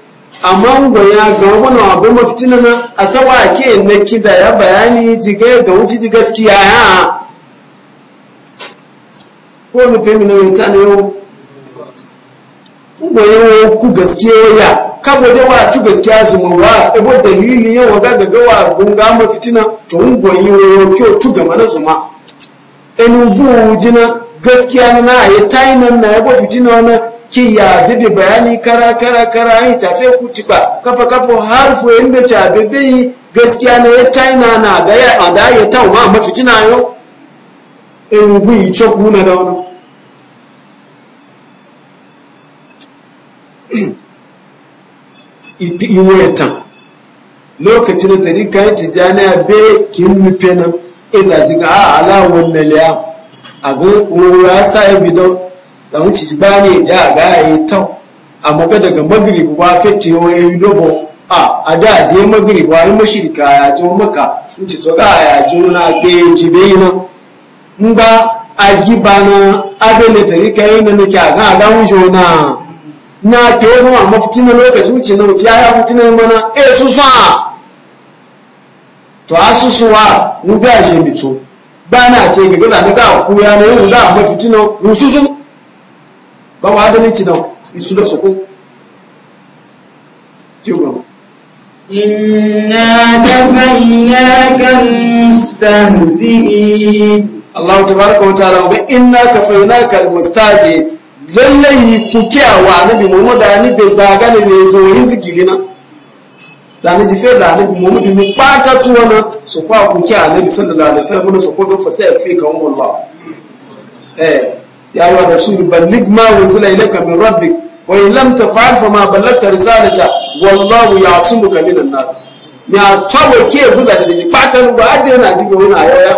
S2: amma gwaya ga wani abu mafitina na a sawa ke na kida ya bayani jiga ga wuce ji gaskiya ya ko ni femi na wita ne yau gwaya ku gaskiya waya kabo da wa tu gaskiya su mu wa ebo dalili yau ga ga wa gunga mafitina to gwaya wayo kyo tu ga mana su ma enu bu jina gaskiya na na ya tainan na ya fitina na ki ya bibi bayani kara kara kara yi tafe ku tiba kafa kafa har fu yin da ta bibi gaskiya ne ya taina na ga ya da ya ta ma ma fitina yo in gwi choku na da wani iwe tan lokacin da tarika ya tijani a be kin nufe nan izazi e, a ala wannan liya a ga ya sa ya bidon da wuce ba ne da ga yi ta amma ga daga magrib ba fete wa yi a a da je magrib yi mashirka ya ji maka in ci tsoga ya ji ke ji ba a gi ba na adana yi a ga na ke na lokaci wuce na wuce ya mutu na mana e, su sa to asusuwa mu ga mito ba na ce ga gaza na ga ku ya ba wa adalci da su
S1: da soko ta faina kafainaka mustahzi'in Allah
S2: tabaraka wa ta'ala wa inna kafainaka almustahzi'in lallai kukiyawa nabi Muhammad ani be zaga ne ne zo hizgilina zani ji fera nabi Muhammad mi pata tuwana su kwa kukiya nabi sallallahu alaihi wasallam su ko fa sai fi kawun Allah eh يا أيها الرسول بلغ ما أنزل إليك من ربك وإن لم تفعل فما بلغت رسالته والله يعصمك من الناس يا تشاو كي بوزا دجي باتن وادي انا جي بونا يا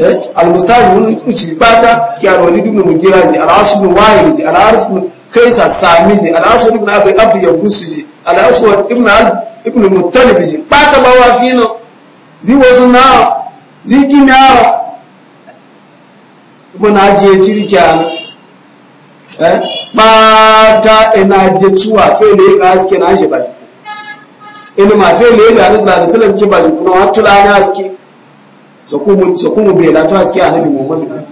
S2: eh almustaz mun kuci bata ki alwalid ibn mugirazi al-asl wa'il ji al-arsl kaisa sami ji al-asl ibn abi abi yabusu ji al-aswad ibn al ibn muttalib ji bata ba wa fino zi wasu na zi gina muna ajiye cirkiya eh? ɓata ina da cuwa ga haske na shi bari ina ma ga da salam ki bari haske haske a nabi muhammadu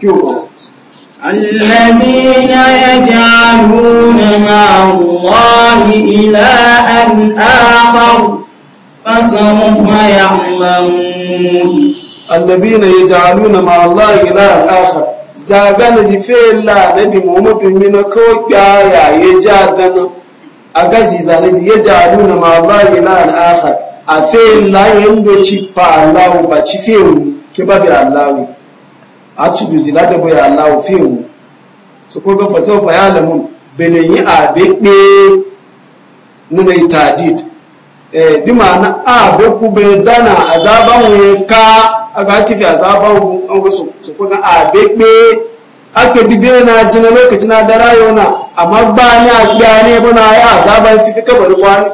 S2: kyau
S1: الذين يجعلون مع الله إلها آخر فسوف يعلمون
S2: الذين يجعلون مع الله ilaha al زاغان zaga na ji fela nabi muhammadu mina ko kaya ya ja a gashi zane ji yaj'aluna ma Allah ilaha al-akhar a fela yanda ci fa Allah ba ci fewu ke bi a ya lamun bene yi abe nuna eh bi ma'ana a dana azaban ka aga ci fi azabahu an ga su a ah, bebe aka bibe na ji na lokaci na dara yona amma ba ni a gba ne ba na ya azaban fifi kabar kwani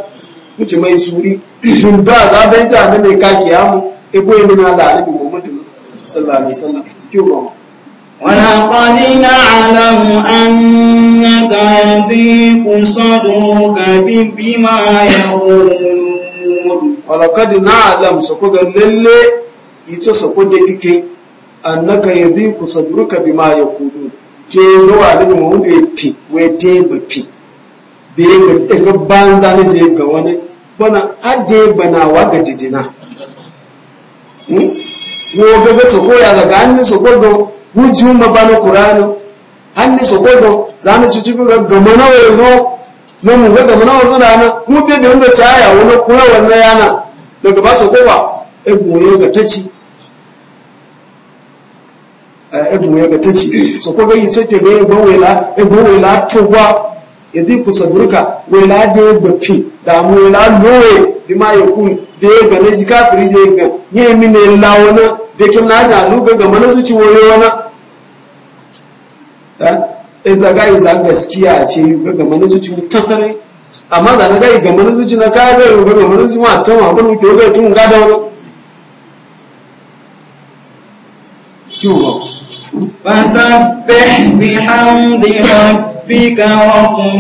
S2: mutum mai suri tun da azaban ta ne mai kake yamu ebo yi na
S1: da alibi muhammadu sallallahu alaihi wasallam kyau ba ولقد نعلم أنك يضيق صدرك بما يقولون ولقد نعلم سكوك للي
S2: ito sako kudde ike annaka ku sabruka bima kudu. ke gawa da mu ne fi wete ba fi be ga ga banza ne sai ga wani bana ade bana wa ga jidina wo ga ga sako ya ga an su do wuju ma bana qur'ano an za mu zanu ci ga ga mana wa zo na mu ga ga mana wa zo da na mu be da wanda ya wani kuma wannan yana daga ba su ba egunye ga taci egunye ga so ko ga yace te ga ba wela egun wela to gwa yadi kusa saburka wela de bafi da mu wela lowe bi ma yakun ga na da lu ga mana su ci e ga iza e gaskiya ce ga mana su ci amma da na ga e ga mana su ci na ka ga ga mana su ci ma ta ma ban ga tun ga da wani
S1: شوفوا فسبح بحمد ربك وكن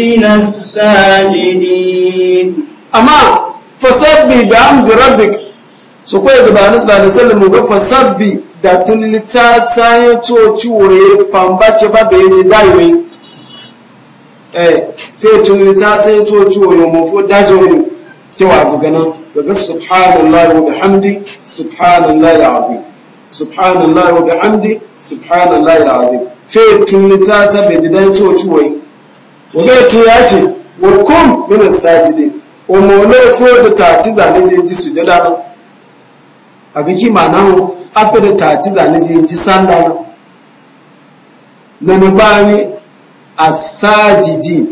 S1: من الساجدين أما فسبح بحمد ربك so kwa yadda ba nisa
S2: da sallin mu ga sabbi da tun ta tsaye to ciwo ya pamba ke ba da yaji daiwe eh fe tun ta tsaye to ciwo ya fo dajo ne kewa ga ganin daga subhanallahi wa bihamdi ya alazim subhanallahi wa bihamdi subhanallahi alazim fe tunita ta be jidan to chuwai wage to ya ce wa kum min sajidin o mo le fo to ta ci zane je ji sujada na agiki mana wo ape da ta ci zane je ji sanda na na ba ni asajidi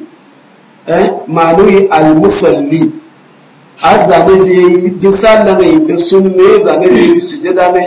S2: eh manu al musalli har zane yi ji sanda mai da sunne zane je ji sujada mai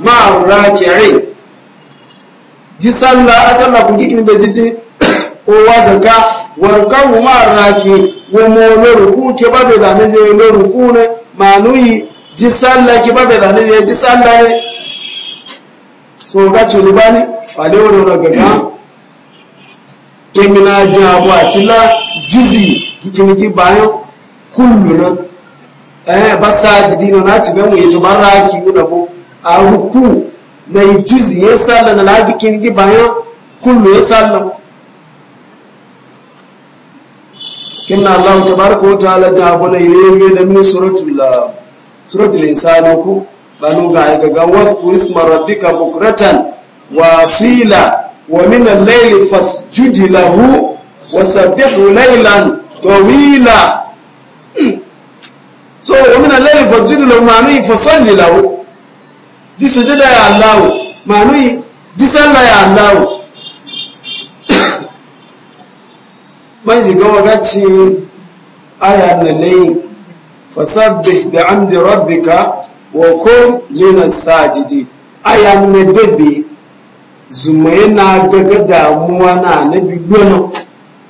S2: ma'ar raki'in ji sallah a sallah kun kikin da jiji kowa zaka warkan mu ma'ar wa mo ruku ke ba be zane je lo ruku ne manuyi ji sallah ke ba be zane je ji sallah ne so ga chuli bani ba wani woro gaga kemina ji abu atila jizi kikin ki bayo kullu na eh basajidino na ci ga mu yato baraki una ko a ruku na yi juzi ya sallah na lagikin gi bayan kullu ya sallah kinna Allah tabaraka wa ta'ala ja bala yirebe da min suratul ah, suratul insan ko banu ga ga ga wasku isma rabbika bukratan wa asila wa min al-layli fasjud lahu wasabbihu laylan tawila so wa min al-layli fasjud lahu ni fasalli lahu ji sujuda ya Allah manu ji sallah ya Allah man ji gawa gaci aya na lai fasabbih bi amdi rabbika wa kun min sajidi aya na debi zumaye na gaga damuwa na bi gona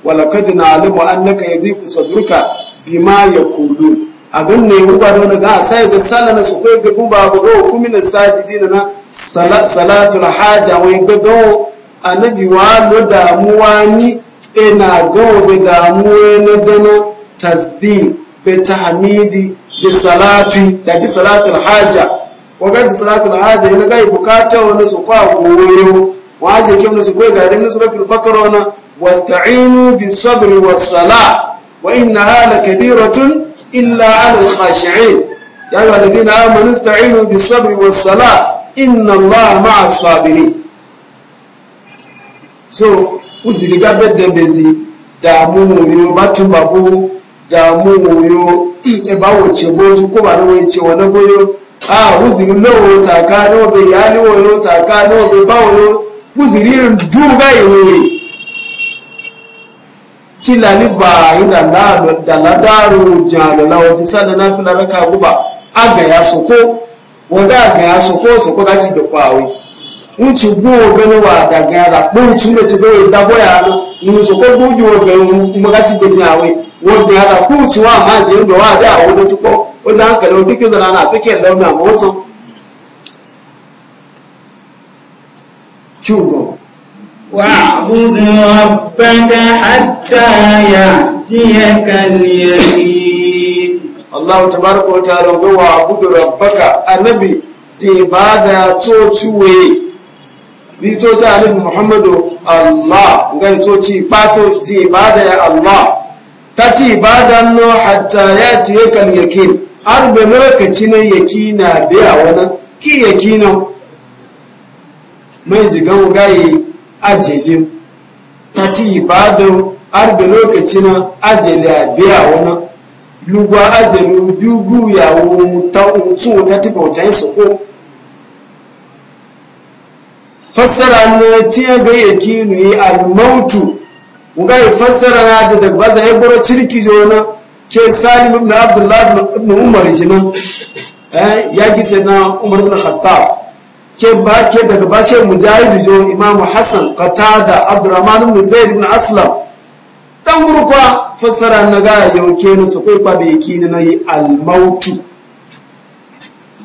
S2: walakad na alimu annaka yadhiqu sadruka bima yaqulun agan ne ku ba dona ga sai da sallah na su ko ga ku ba go ku min sajidi na Salatu salatul haja wai ga go annabi wa lo damuwa ina e go be damuwa e na dana tasbih be tahmidi be salati da ji salatul haja wakati salatul haja ina ga bukata wani su kwa goyo na ke wani su ko ga din suratul bakara na wasta'inu bis sabri was sala wa innaha kabiratun إلا على الخاشعين يا أيها الذين آمنوا استعينوا بالصبر والصلاة إن الله مع الصابرين so uzilika bedembezi damu muyo batumba bu damu muyo ebawo chebo kuba no chewo na boyo ah uzili lowo tsaka no be yali wo yo tsaka no be bawo yo uzili nduga yewe tilani ba yi da lalo da ladaru jalola wajen sada na fi laraka guba aga ya soko wanda aga ya soko soko da ci da kwawe nci gbuwa gani wa da gaya da kpuru ci da ci da wai dabo ya no in soko gbuji wa gani kuma ka ci da ji awe wanda ya da kuru ci wa ma je da wa da a wani tukwa wanda haka wani duk zana na fike launa ma wata.
S1: واعبد ربك حتى يأتيك اليقين الله تبارك وتعالى واعبد ربك النبي
S2: توتوي alif muhammadu allah ngai ya allah ta ci no yakin har da lokaci ne yakina biya wani ki yakina mai jigan gaye ajele tati ibado da lokaci na a biya wani lugwa ajele dubu yawo mutum ta tiba wajen soko fassara ne tiya ga yake ne almautu ga fassara na da daga baza ya bura cirki jona ke salim ibn abdullahi ibn umar jina eh, ya gisa na umar ibn khattab ke ba ke daga bace mujahid jo imamu hasan qatada abdurrahman ibn zaid ibn aslam dan gurkwa fassara na ga yauke ni su kai kwa be kini na yi almautu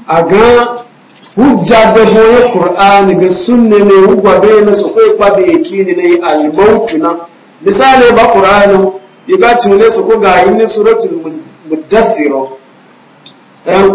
S2: aga hujja da hoye qur'an ga sunne ne hujja be na su kai be kini na yi almautu na misali ba ga ci ne su ko ga yin suratul mudaththir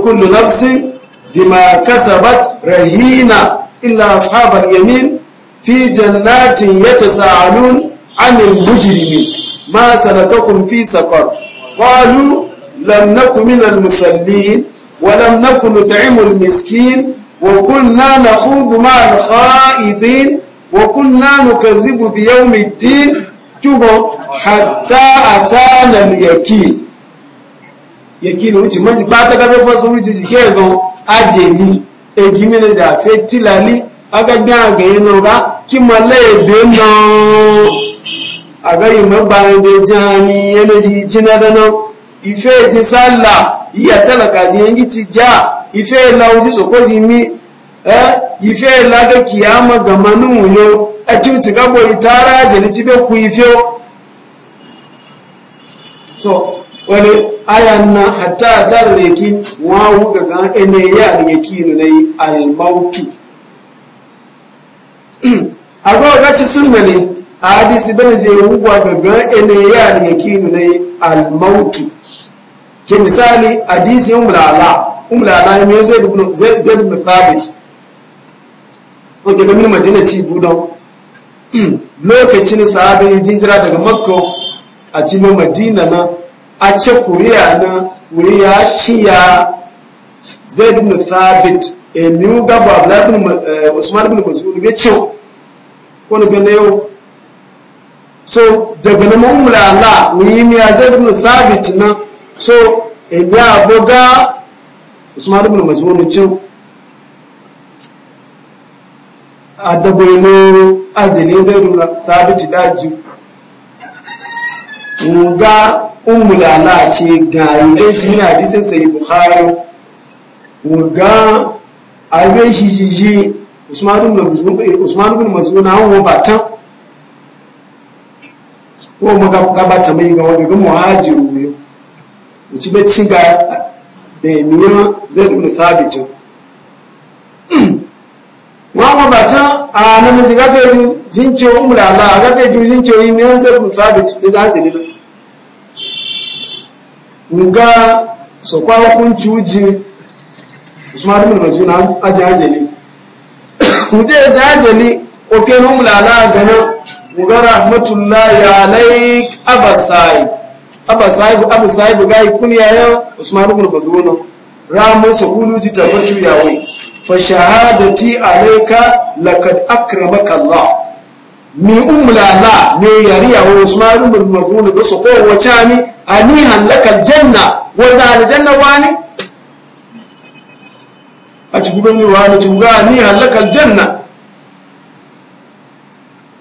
S2: kullu nafsin
S1: bima kasabat
S2: rahina illa ashabal yamin fi jannatin yatasaalun anil mujrimin ma sanakakum fi saqar qalu lam nakum minal musallin wa lam nakum nut'imul miskin wa kunna nakhudhu ma'al kha'idin wa kunna nukadhibu biyawmiddin tubo hatta atana al yaqin yekini wuce maji fata gabe fasu wuce jike ga aje ni e gimi na zafe tilali aga gba ga yi no ga ki mala ebe no aga yi ma ba ebe jani yana ji jina da no ife ji sala iya talaka ji yangi ti ja ife la wuce so ko mi eh ife la ga kiyama ga manun yo a ti wuce ga bo itara je ni ti be ku ife so wani ayan na hatta tar leki wawu ga ene ya leki no nay al mautu ago ga ci sunna ne hadisi bane je ga ga ene ya leki no nay al mautu ke misali hadisi umrala umrala ne zai ibn zaid ibn sabit ko daga min madina ci budo lokacin sahabi jinjira daga makka a cikin madina na a ce kuriya na kuriya ya zai ibn sabit a eh, new gaba abdullahi ibn eh, usman bin mas'ud ne ce ko ne ne yau so daga na mu'mula ala, eh, ni a, zai ibn sabit na so a biya boga usman ibn ne ce adabaino ajini zai ibn thabit daji nga umu da na ce ga yanzu na hadisin sai bukhari ga abin shi jiji usman ibn mazmun na hawo batan ko mu ga gabata mai ga wani gumu hajiru ne uci bai ci ga da miya zai ibn sabitin wọn hawo batan a nan ji gafe jinke umu da Allah gafe jinke miyan zai ibn sabitin da za ta dilo nga so kwa hukunci uji usman mazu na aji ajali muje aji ajali oke ke lala mulala gana muga rahmatullahi alaik abasai abasai abasai buga ikuni yayo usman mazu na ramu so ji tabbatu yawo fa shahadati alaika laqad akramaka allah mi umlala me yari yawo usman ibn mazun da so ko wacani Ani halakar janna wanda aljanna wani a ci gudun yiwa na ci ga ani halakar janna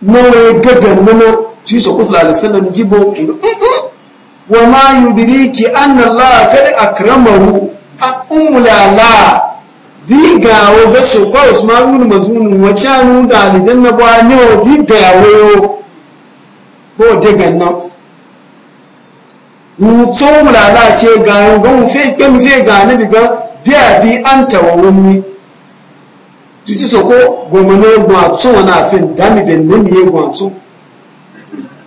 S2: nawa ya gaga nuna ci su kusa alisalam gibo mm, mm. wa ma yudiriki anna allah kad akramahu a ummulala zigawo ga su kwa usmanu mazunu wacanu da aljanna ba ne wa zigawo ko daga nan mutum lalace ga yungon feke mufe ga nabi ga biya bi an tawarin ni tuti so ko gomane gwatsu wani afin dami ben nemi ye gwatsu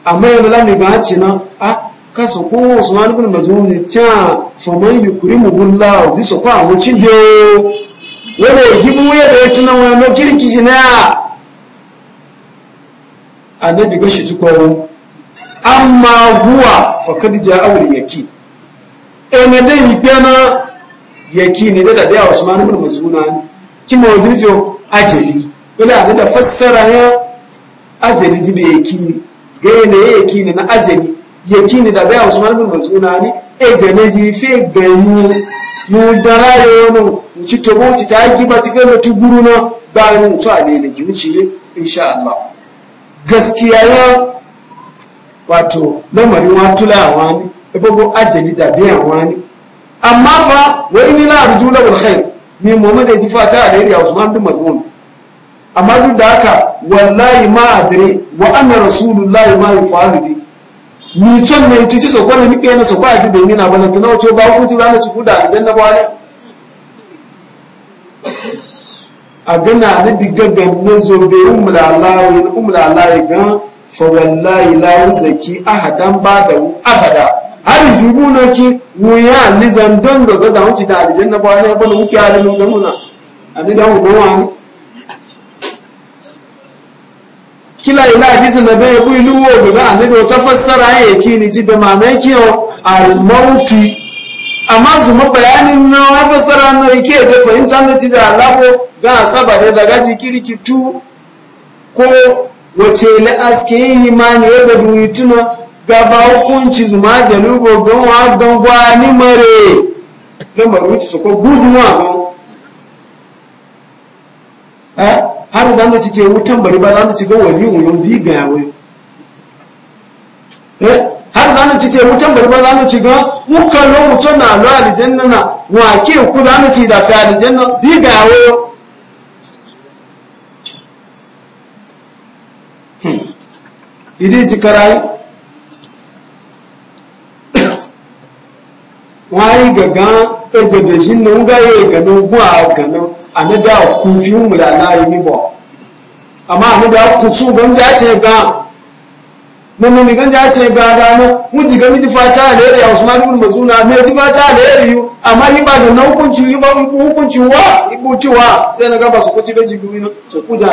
S2: amma yana lami ga ci na a kasa ko ma wasu wani bin mazmun ne ta faman yukrimu billah zi so ko a wucin yo wani gibu ya da ya tunan wani kirki jina annabi ga shi wani. amma huwa fakad ja'awul yaqin ene dai gbana yaqini da da Usman ibn Mazuna kima wajirjo ajali ina da fassara ya ajali jibe yaqini ga ene yaqini na ajali yaqini da da Usman ibn Mazuna ni e gane ji fe ganu mu darayo no ci to mu ci ta giba ci kai mutu guru na bayan mutu a ne ne gimuci ne insha Allah gaskiya ya wato lamarin watula awa wani ibogo ajali da biya wani. amma fa wa ini na arju na alkhair ni muhammad ya ji fata alheri a usman bin mazun amma duk da haka wallahi ma adre wa anna rasulullahi ma yufalu bi ni can mai titi so kwana mi kena so kwa ji da mina bana tana wato ba ku ji rana ci ku da aljanna ba ne a gana na digaggan na zobe umla Allah wa umla Allah ya gan fa la yuzaki ahadan ba'dahu abada har zubu na ki wuya ni zandon da gaza wuce da aljanna ba ne ba da muke halin da muna ani da mu wani kila ila hadisi na bai bu ilu wo ga ani da ta fassara yake ni ji da mamaki al mauti amma su ma bayanin na wa fassara na yake da fahimta na ci da labo ga asaba da daga jikiri ki tu ko wace la aske yi mani ya da dunituna gaba hukunci zuma jalubo gan wa gan gwani mare lambar wuce su ko guduwa gan eh, har da ci ce wutan bari ba za ci ga wani wuyan ziga ya wai eh, har da mu ci ce wutan bari ba za mu ci ga mukan lo wutan na lo aljanna na wake ku za mu ci da fi aljanna ziga ya wai ìdí ti kara yìí wọ́n á yí gàgán egbèdè sí ní ń a ìgànnà ogún àgànnà àníbà kú fi ń múlẹ̀ aláyé níbọ̀ àmọ́ àníbà kú tún ce ti gan nínú ní gbọ́njá ti gan dáná wọ́n gami ti fa tá à lérí àwòsùnmá nínú mọ̀túnà àmì ti da tá à amma yi ba da na hukunci ba hukunci wá ipò tí wá sẹ́ni gábà sọ̀kú ti bẹ́jì gbúmi náà sọ̀kú jà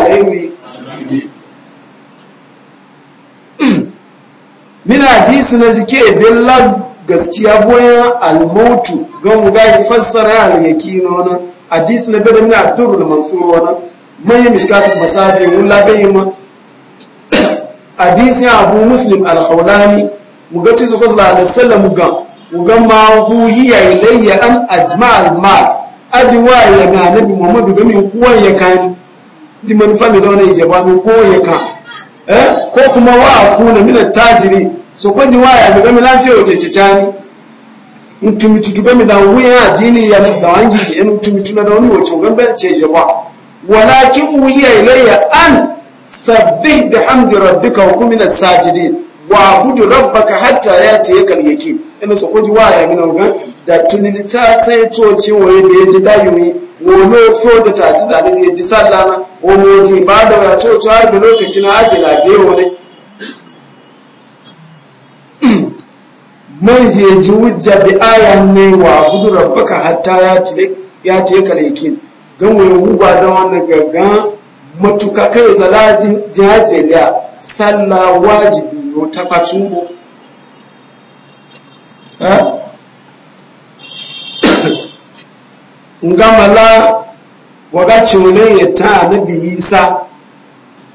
S2: min hadisi na jike billan gaskiya boyan almautu gan mu gayi fassara al-yakin wana hadisi na bada min abdul mansur wana mai mishkatul masabi wala bayma hadisi abu muslim al-khawlani mu ga cizo kasu da sallam ga mu ga ma huhiya ilayya an ajma'al mal ajwa ya na nabi muhammadu ga min ya kani di manufa mai da wani ijaba min kuwan ya ka eh? ko kuma wa a kuna min tajiri sokwaji waya ce cani. Mutumi mtumiti tugami da wuya dini ya zawangi ya en mtumiti na dauni wacho gambe Wala ba walakin uwiya ilayya an sabbih bihamdi rabbika wa kumina minas sajidin wa budu rabbaka hatta yati yakal yakin ina sokwaji waya mina ga da tunini ta sai toci waye da yaji dayumi wono fo da ta ci zane ji sallana wono ji ba da ya to har da lokacin ajira biyo wani. man je ji wujja bi ayan ne wa budu rabbaka hatta ya tile ya ce kalekin don wani huba da wannan gaga matuka kai zalajin jihaje da sallah wajibi yo ta kwacin ngamala waga cune ya ta nabi isa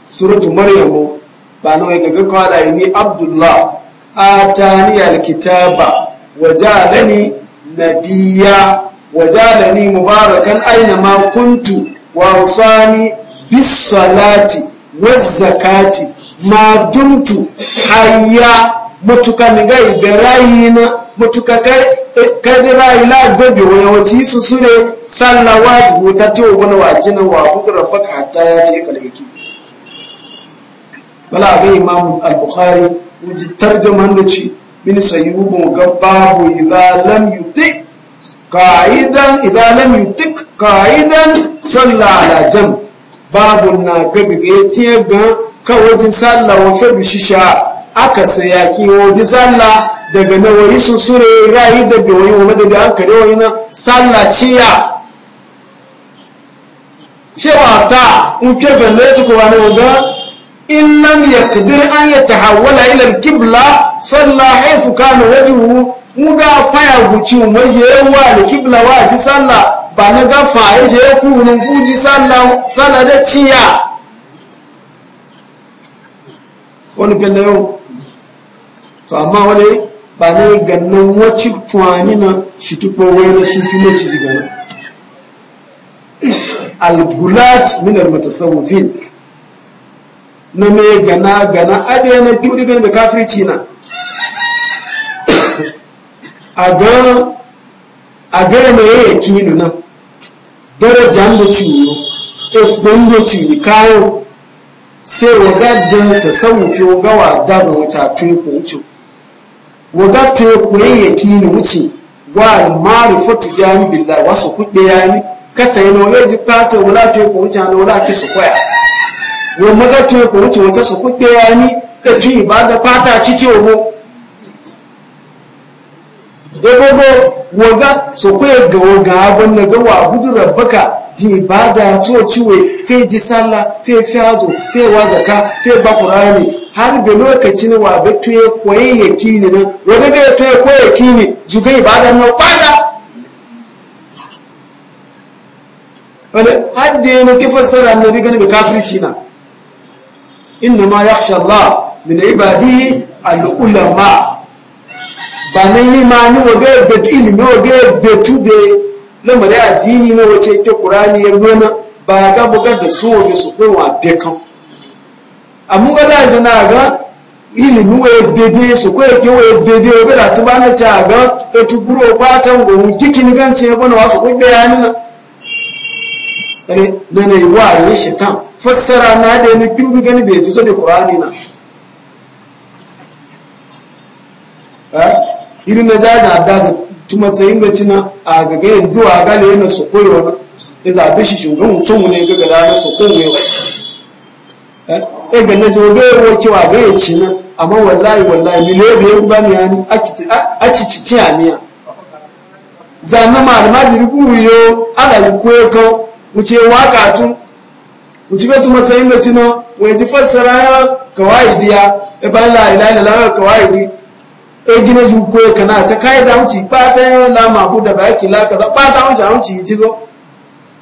S2: suratu maryamu ba na ga gaga ni abdullah atani alkitaba wajalani nabiyya wajalani mubarakan aina ma kuntu wa awsani bis salati zakati ma dumtu hayya mutuka miga iberayina mutuka kadira ila gobe wayawaci su sune sallah wajibu ta ce wani wajina wa budurar baka hatta ya ce kalaki bala abin imam al-bukhari wuji tarjaman da ci min sayyubun ga babu idza yutik qa'idan idza yutik qa'idan salla ala jam babu na wajen tiye ga kawajin salla wa bishisha aka ki waje salla daga na wayi susure rayu da bai wayi wa da an kare wayi na salla ciya shewa ta in ke galle ci ko in lam yaqdir an yatahawwala ila al-qibla salla haythu kana wajhuhu muga faya guci maje wa al-qibla wa ji salla ba na ga faya je ku nun fuji salla salla da ciya wani pelle yau to amma wani ba na gannan wacce tuwani na shi tukpo wani na sufi na ci gana al-gulat min na mai gana gana ade na dudi da kafirci na a ga a ga me kinu na daraja mu ciwo e gbondo ciwo kawo sai waga da ta sauke waga wa da zan wuce tun wuce waga to ku yake kinu wuce wa ma'rifatu jami'illah wasu kudde yani kata yana waje fata wala to ku wuce na wala ke su kwaya wọ́n mọ́gẹ́tù ẹ̀kọ́ wọ́n ti wọ́n tẹ́sọ̀ pé pé ẹ ní ètò ìbádọ́ pátá títí owó ebogo wọ́gá sọ̀kọ́ ẹ̀gọ̀wọ̀ gan agbọ́nẹ̀gbẹ̀wọ̀ àbúdúrà bọ́kà di ìbádà tó ciwe fẹ́ di sálá fẹ́ fẹ́ azù fẹ́ wazaka fẹ́ bakurani har da lokacin ne wa batu ya koyi yakini ne wani ga to ya koyi yakini ibada na kwada wani hadde ne kifar sara ne riga ne kafirci na inna ma yakhsha Allah min ibadi al'ulama ba na yi ma ni waje betu ilimi wage betu na mara addini na wace ke Qur'ani ya gona ba ga bugar da su waje su kowa be kan amma ga da zana ga ilimi wa bebe su ko yake wa bebe wa bada tubana ta ga to ba batan gwamnati kini kikin gance ya gona wasu ko bayanin da eh, na yi yi shaitan fassara na da yi biyu gani bai jito da ƙorani na eh, irin na zaga a daza tuma tsayin da cina a gagayen duwa gane yana sokoi wani ya zaɓe shi shugaban mutum ne ga gada na sokoi eh, wani ya ga na zobe wa kewa gaya cina amma wallahi wallahi miliyoyi ya guba ne hannu a cicici a miya zanna ma almajiri kuru ana yi koyo wuce waka tun wuce betu matsayin da cino wai ji fassara ya kawaidi ya e ba la ila ila la kawaidi e ta da wuce ba ta yi la ku da ba ki la ka ba ta wuce wuce ji zo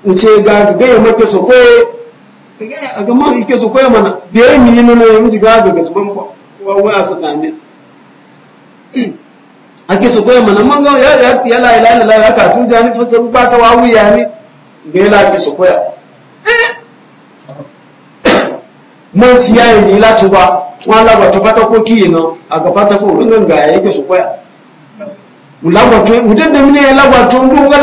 S2: wuce ga ya a ga mana wuce ga ne mana ya ka tun jani fassara ba ta wawu ya gbéláàbí sọ̀kọ́yà mọ́ ti yá èyí láti wá wọ́n lábàtú pátákó kí ìná àgbàpátákó olóngbà ẹgbẹ́ sọ̀kọ́yà lábàtú ìdẹ́dẹ̀mí ní lábàtú ndúgbà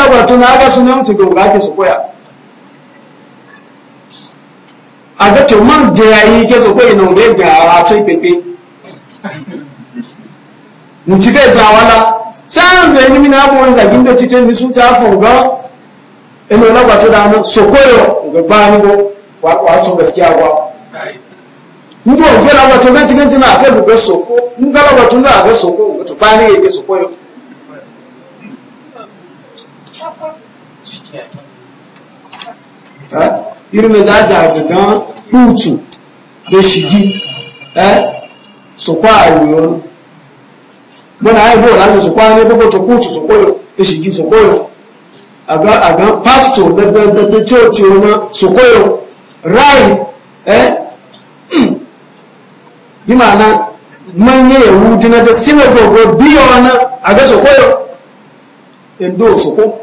S2: ti gbogbo ta wálá sáàǹsì ẹni mi náà bọ́ ń zàgí ń títẹ́ ta in wani kwato da hannun so koyo ga bani ko wato gaskiya ba wani ke la wato ga cikin jina ka buga soko in ga la wato da ga soko wato bani ya soko yo eh, irin da zaja ga gan hutu da shigi eh soko a yo bona ai bo la soko ne ko to hutu soko yo da shigi soko yo aga aga pastor na da da da church ona sokoyo rai eh bi ma'ana manye yahudi na da synagogue biyo na aga sokoyo endo soko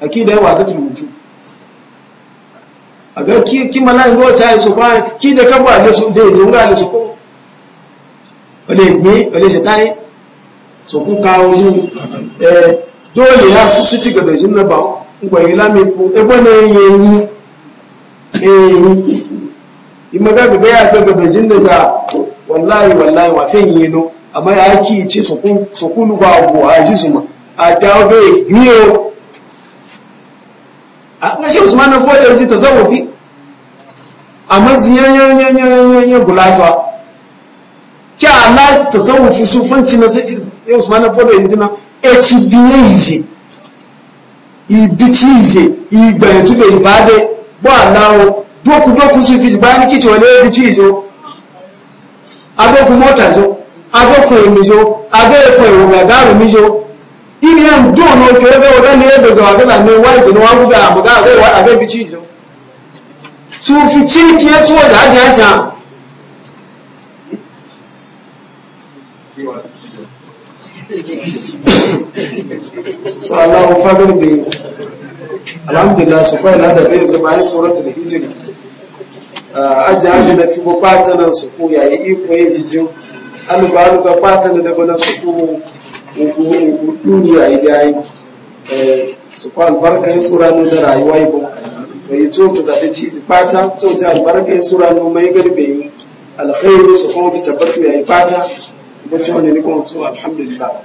S2: aki da yawa da tumuju aga ki ki malain go chai soko ki da kabwa da su da zo ga da soko ole gbe ole setani soko ka ozu eh dole ya su su ti ga da jinna ba ngwai lamiku ebo na enyi enyi imaga ga ya ta gaba jin da za wallahi wallahi wa yi yino amma ya ki ci sokun ba go a ji su ma a ta ga yiyo a na shi usman na fodi ji tasawufi amma Ki ala kí àlá tasawufi sufanci na sai usman na fodi ji na hba yi ibichize igbayetube ibade bwalawo doku doku sifiji bani kiti wale ibichizo adoku motazo adoku emizo adoku ewogagaro mizo ibi ya mdono na ogani ebezo wageza ne waizo ne abu amuga abe abe ibichizo sufi chiki yetu waza aje aja
S1: Thank you. so Allah
S2: will alhamdulillah su kwai da bai yanzu bayan da hijin aji aji na fi fatanan su ko yayi iko ya jijin alubaru ga fatanan da bana su ko ugu duniya idayi eh, su kwa albarka ya sura da rayuwa yi bon to yi coto da su fata to ta albarka ya sura no mai garbe yi alkhairu su kwa wata tabbatu yayi fata wacce wani ne kuma alhamdulillah